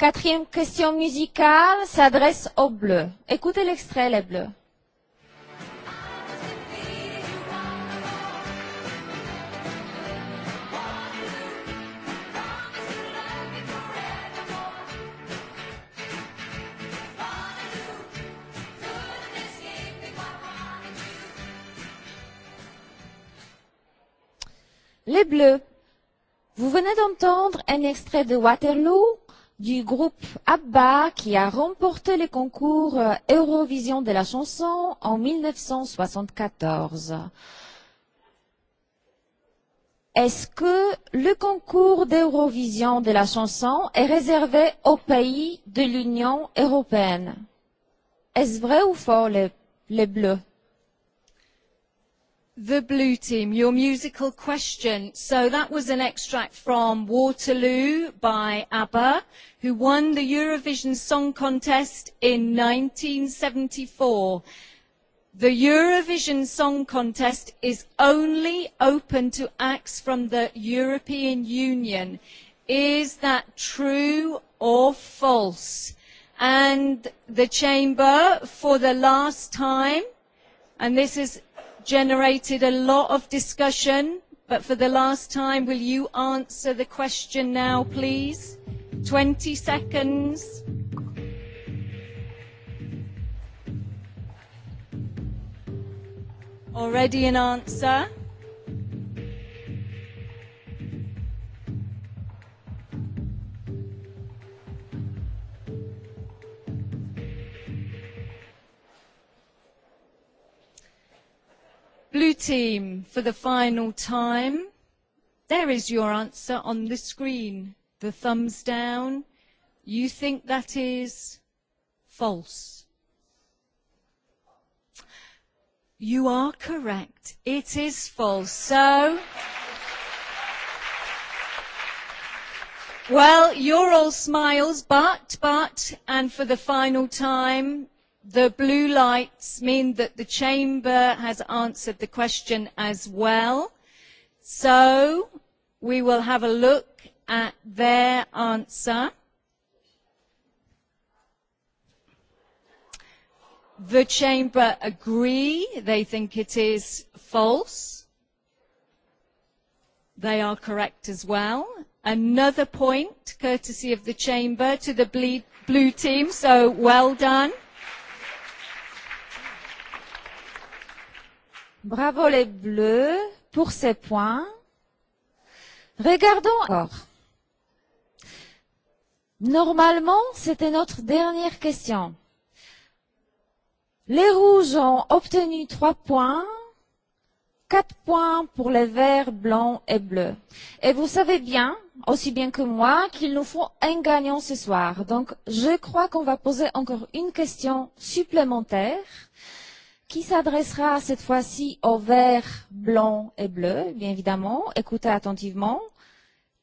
Quatrième question musicale s'adresse aux Bleus. Écoutez l'extrait, les Bleus. Les Bleus, vous venez d'entendre un extrait de Waterloo du groupe ABBA qui a remporté le concours euh, Eurovision de la chanson en 1974. Est-ce que le concours d'Eurovision de la chanson est réservé aux pays de l'Union européenne Est-ce vrai ou faux les, les bleus The Blue Team, your musical question. So that was an extract from Waterloo by ABBA, who won the Eurovision Song Contest in 1974. The Eurovision Song Contest is only open to acts from the European Union. Is that true or false? And the Chamber, for the last time, and this is generated a lot of discussion, but for the last time, will you answer the question now, please? 20 seconds. Already an answer? Blue team, for the final time, there is your answer on the screen. The thumbs down. You think that is false. You are correct. It is false. So, well, you're all smiles, but, but, and for the final time, The blue lights mean that the chamber has answered the question as well. So we will have a look at their answer. The chamber agree. They think it is false. They are correct as well. Another point, courtesy of the chamber, to the blue team. So well done. Bravo les bleus pour ces points. Regardons encore. Normalement, c'était notre dernière question. Les rouges ont obtenu trois points, quatre points pour les verts, blancs et bleus. Et vous savez bien, aussi bien que moi, qu'il nous faut un gagnant ce soir. Donc, je crois qu'on va poser encore une question supplémentaire. Euh, qui s'adressera cette fois-ci au vert, blanc et bleu, bien évidemment. Écoutez attentivement.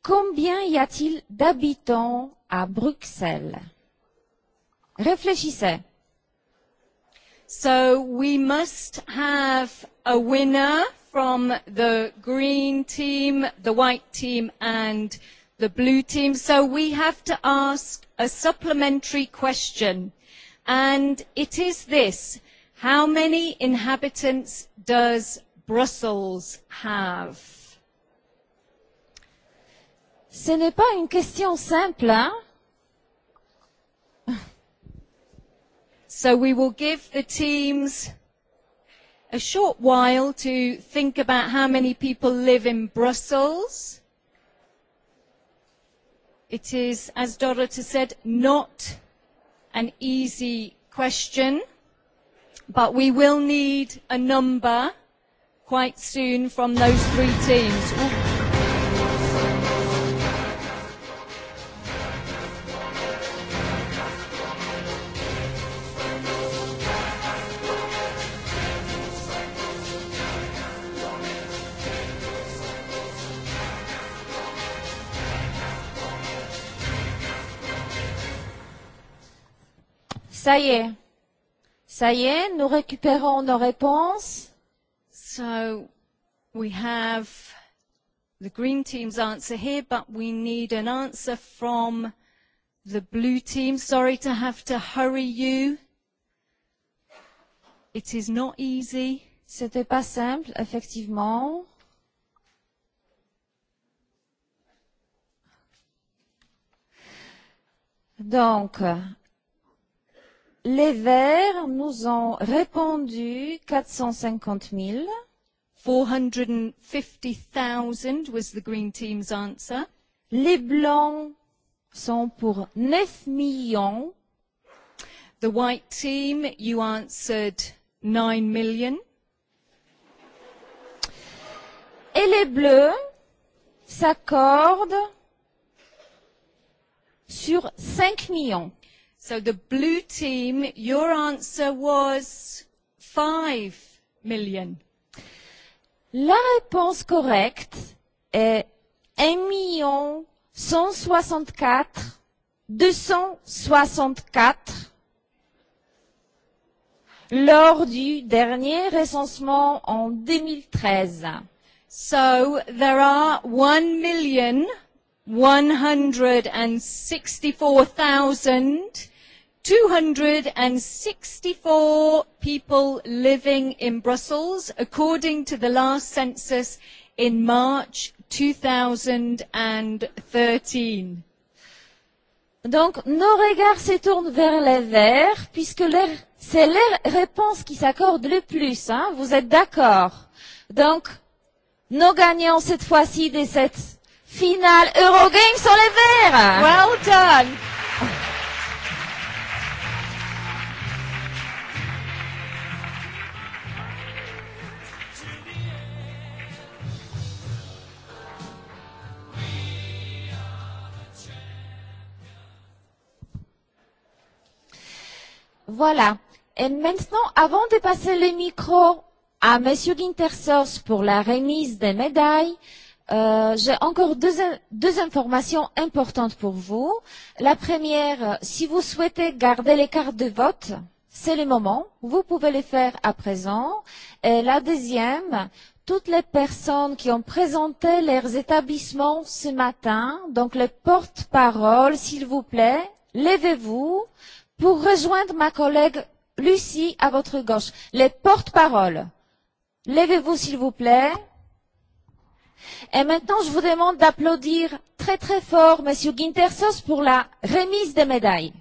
Combien y a-t-il d'habitants à Bruxelles Réfléchissez. So we must have a winner from the green team, the white team and the blue team. So we have to ask a supplementary question. And it is this. How many inhabitants does Brussels have? Ce n'est pas une question simple, hein? So we will give the teams a short while to think about how many people live in Brussels. It is, as Dorota said, not an easy question but we will need a number quite soon from those three teams. Ooh. Ça y est. Ça y est, nous récupérons nos réponses. So we have the green team's answer here, but we need an answer from the blue team. Sorry to have to hurry you. It is not easy. C'était pas simple, effectivement. Donc, Les Verts nous ont répondu 450 000. 450,000 was the Green Team's answer. Les Blancs sont pour 9 millions. The White Team, you answered 9 million. Et les Bleus s'accordent sur 5 millions. So the blue team, your answer was 5 million. La réponse correcte est 1 million 164 264 lors du dernier recensement en 2013. So there are 1 million 164,000 264 people living in Brussels, according to the last census in March 2013. Donc, nos regards se tournent vers les verts, puisque c'est les réponses qui s'accordent le plus, hein, vous êtes d'accord Donc, nos gagnants cette fois-ci de cette finale Eurogame sont les verts Well done Voilà. Et maintenant, avant de passer le micro à Monsieur Gintersos pour la remise des médailles, euh, j'ai encore deux, deux informations importantes pour vous. La première, si vous souhaitez garder les cartes de vote, c'est le moment. Vous pouvez le faire à présent. Et la deuxième, toutes les personnes qui ont présenté leurs établissements ce matin, donc les porte-paroles, s'il vous plaît, levez-vous. Euh, pour rejoindre ma collègue Lucie à votre gauche. Les porte-paroles. Levez-vous s'il vous plaît. Et maintenant, je vous demande d'applaudir très très fort Monsieur Guintersos pour la remise des médailles.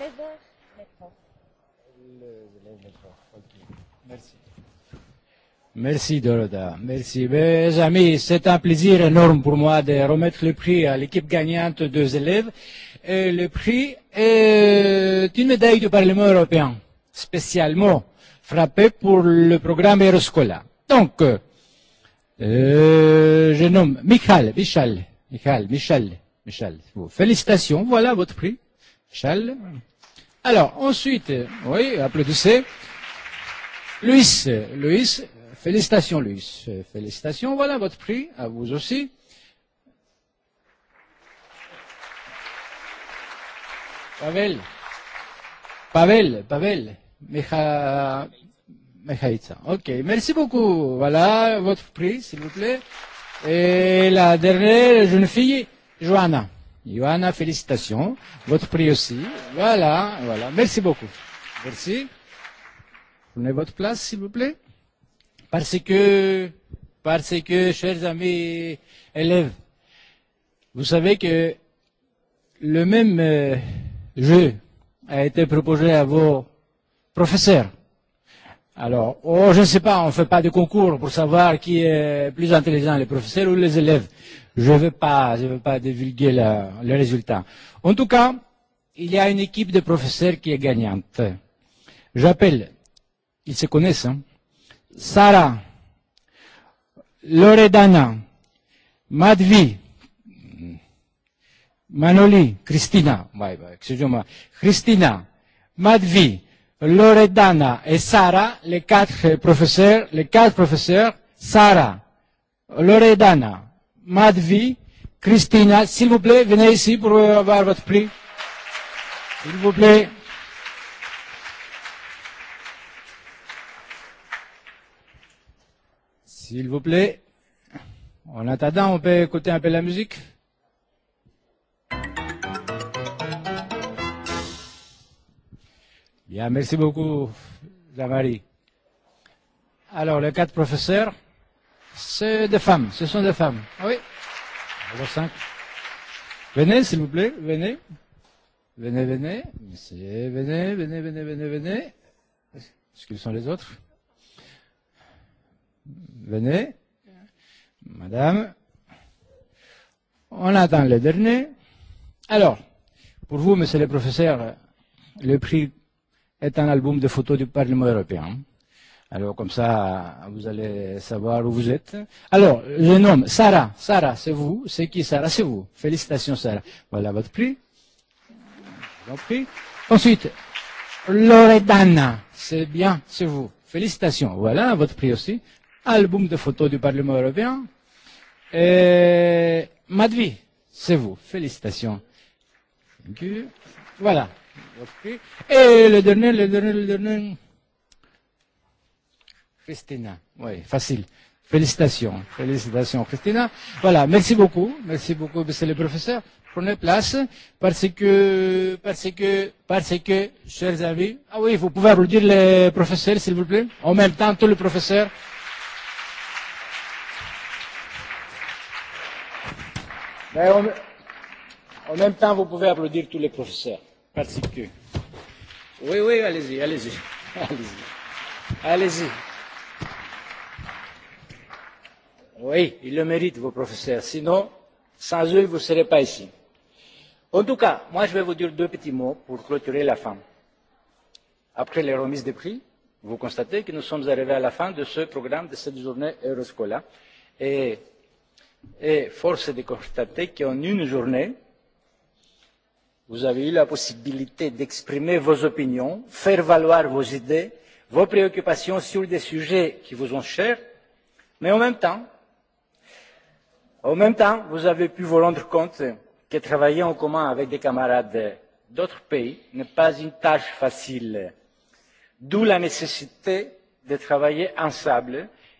Les verts. Merci Doroda, merci. Mes amis, c'est un plaisir énorme pour moi de remettre le prix à l'équipe gagnante des élèves. Et le prix est une médaille du Parlement européen, spécialement frappée pour le programme Eroscola. Donc, euh, je nomme Michal, Michal, Michal, Michal, Michal. Félicitations, voilà votre prix, Michal. Alors, ensuite, oui, applaudissez. Luis, Luis, Félicitations, Luis. Euh, félicitations. Voilà votre prix, à vous aussi. Pavel. Pavel, Pavel. Mecha... Mechaïtsa. Ok, merci beaucoup. Voilà votre prix, s'il vous plaît. Et la dernière jeune fille, Johanna. Johanna, félicitations. Votre prix aussi. Voilà, voilà. Merci beaucoup. Merci. Prenez votre place, s'il vous plaît. Parce que, parce que, chers amis élèves, vous savez que le même euh, jeu a été proposé à vos professeurs. Alors, oh, je ne sais pas, on ne fait pas de concours pour savoir qui est plus intelligent, les professeurs ou les élèves. Je ne veux pas, je veux pas divulguer la, le résultat. En tout cas, il y a une équipe de professeurs qui est gagnante. J'appelle, ils se connaissent, hein, Sara, Loredana, Madvi, Manoli, Kristina, Kristina, Madvi, Loredana et Sara, les quatre professeurs, les quatre professeurs, Sara, Loredana, Madvi, Christina, s'il vous plaît, venez ici pour avoir votre prix. S'il vous plaît. S'il vous plaît. En attendant, on peut écouter un peu la musique. Bien, merci beaucoup, Jamari. Alors, les quatre professeurs, c'est des femmes, ce sont des femmes. oui Alors, cinq. Venez, s'il vous plaît, venez. Venez, venez. Monsieur, venez, venez, venez, venez, venez. Est-ce qu'ils sont les autres Venez, madame. On attend le dernier. Alors, pour vous, monsieur le professeur, le prix est un album de photos du Parlement européen. Alors, comme ça, vous allez savoir où vous êtes. Alors, je nomme Sarah. Sarah, c'est vous. C'est qui Sarah C'est vous. Félicitations, Sarah. Voilà votre prix. Votre prix. Ensuite, Loredana. C'est bien, c'est vous. Félicitations. Voilà votre prix aussi album de photos du Parlement européen. Euh, Madvi, c'est vous. Félicitations. Voilà. Et le dernier, le dernier, le dernier. Christina. Oui, facile. Félicitations. Félicitations, Christina. Voilà. Merci beaucoup. Merci beaucoup, monsieur le professeur. Prenez place parce que, parce que, parce que, chers amis. Ah oui, vous pouvez applaudir le professeur, s'il vous plaît. En même temps, tous les professeurs. Mais en, en même temps, vous pouvez applaudir tous les professeurs. Merci Oui, oui, allez-y, allez-y. Allez-y. Allez-y. Oui, ils le méritent, vos professeurs. Sinon, sans eux, vous ne serez pas ici. En tout cas, moi, je vais vous dire deux petits mots pour clôturer la fin. Après les remises des prix, vous constatez que nous sommes arrivés à la fin de ce programme, de cette journée Euroscola. Et Et force est de constater qu'en une journée, vous avez eu la possibilité d'exprimer vos opinions, faire valoir vos idées, vos préoccupations sur des sujets qui vous sont chers, mais en même temps, en même temps, vous avez pu vous rendre compte que travailler en commun avec des camarades d'autres pays n'est pas une tâche facile. D'où la nécessité de travailler ensemble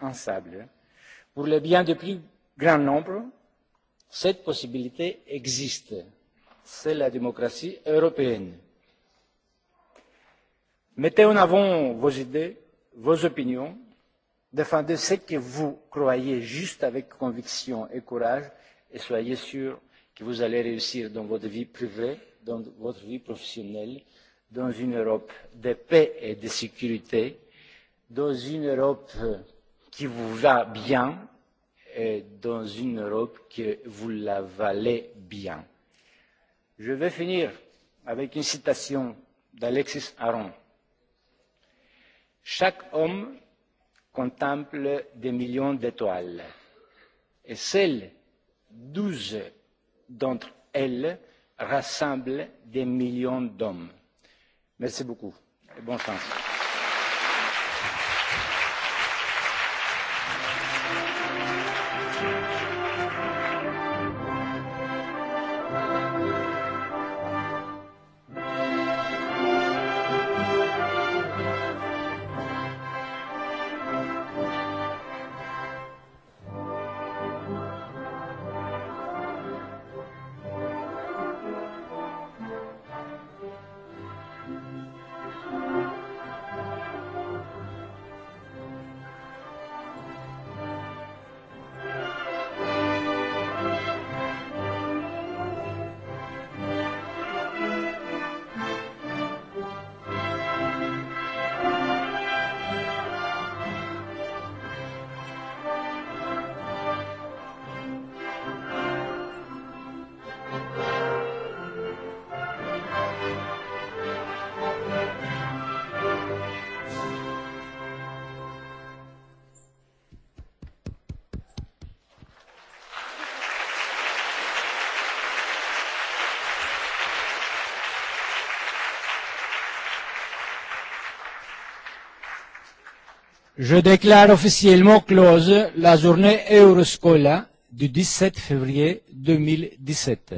ensemble. Pour le bien du plus grand nombre, cette possibilité existe. C'est la démocratie européenne. Mettez en avant vos idées, vos opinions, défendez ce que vous croyez juste avec conviction et courage et soyez sûr que vous allez réussir dans votre vie privée, dans votre vie professionnelle, dans une Europe de paix et de sécurité, dans une Europe qui vous va bien dans une Europe que vous la valez bien. Je vais finir avec une citation d'Alexis Aron. Chaque homme contemple des millions d'étoiles et seules douze d'entre elles rassemblent des millions d'hommes. Merci beaucoup et bonne chance. Je déclare officiellement close la journée Euroscola du 17 février 2017.